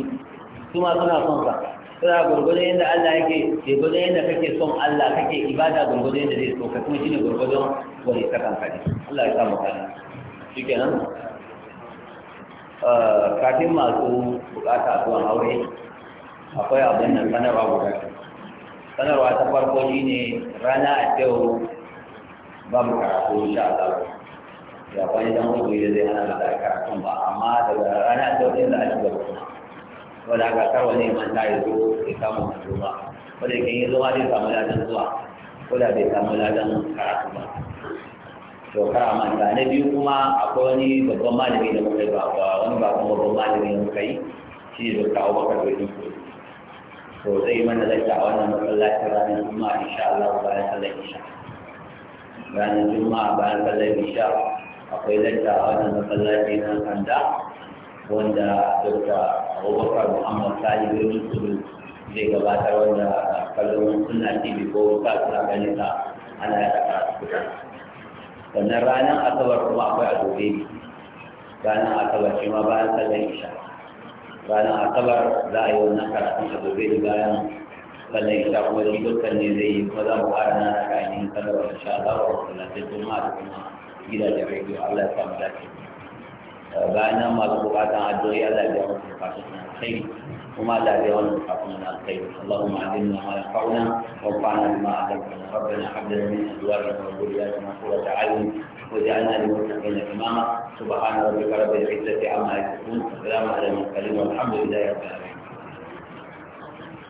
su ma suna son sa suna gurgudun yadda Allah yake gurgudun yadda kake son Allah kake ibada gurgudun yadda zai so ka kuma shi ne gurgudun wani karan kare Allah ya samu kare shi nan eh, kafin masu bukata zuwa aure akwai abin nan sanarwa guda sanarwa ta farko shi ne rana a cewa babu karatu insha Allah ya kwani dan wasu da zai hana da karatu ba amma daga rana da wata za a gaba kuma wala aka karwa ne man ta yi zo ya samu kuma ba wanda yi zuwa da samu ladan zuwa wala da bai samu ladan karatu ba to kara da ne biyu kuma akwai wani babban malami da muka ba ba wani babban babban malami ne muka yi shi da kawo baka da wani to zai mana zai ta wannan masallacin ranar juma'a insha Allah bayan sallar isha ranar juma'a bayan kallon isha akwai lanta a wannan masallaci na kanda wanda dokta abubakar muhammad sali birnin kudu zai gabatar wanda kallon suna tv ko sa suna ganin sa ana yada karatu sannan ranar asabar kuma akwai a dobe ranar asabar shi ma bayan kallon isha ranar asabar za a yi wannan karatun a dobe bayan sannan ya shafi wani dukkan ne zai yi kuma za mu ƙara na daga ainihin sanarwa da sha Allah wa masallacin ma da kuma gidajen rediyo Allah ya samu dace bayan nan masu buƙatan addu'o'i Allah ya biya musu buƙatun na alkhairi وما لا يولد حقنا الخير اللهم علمنا ما ينفعنا وانفعنا بما علمتنا ربنا حبنا من ازواجنا وذرياتنا قرة اعين واجعلنا للمتقين اماما سبحان ربك رب العزه عما يصفون وسلام على المرسلين والحمد لله رب العالمين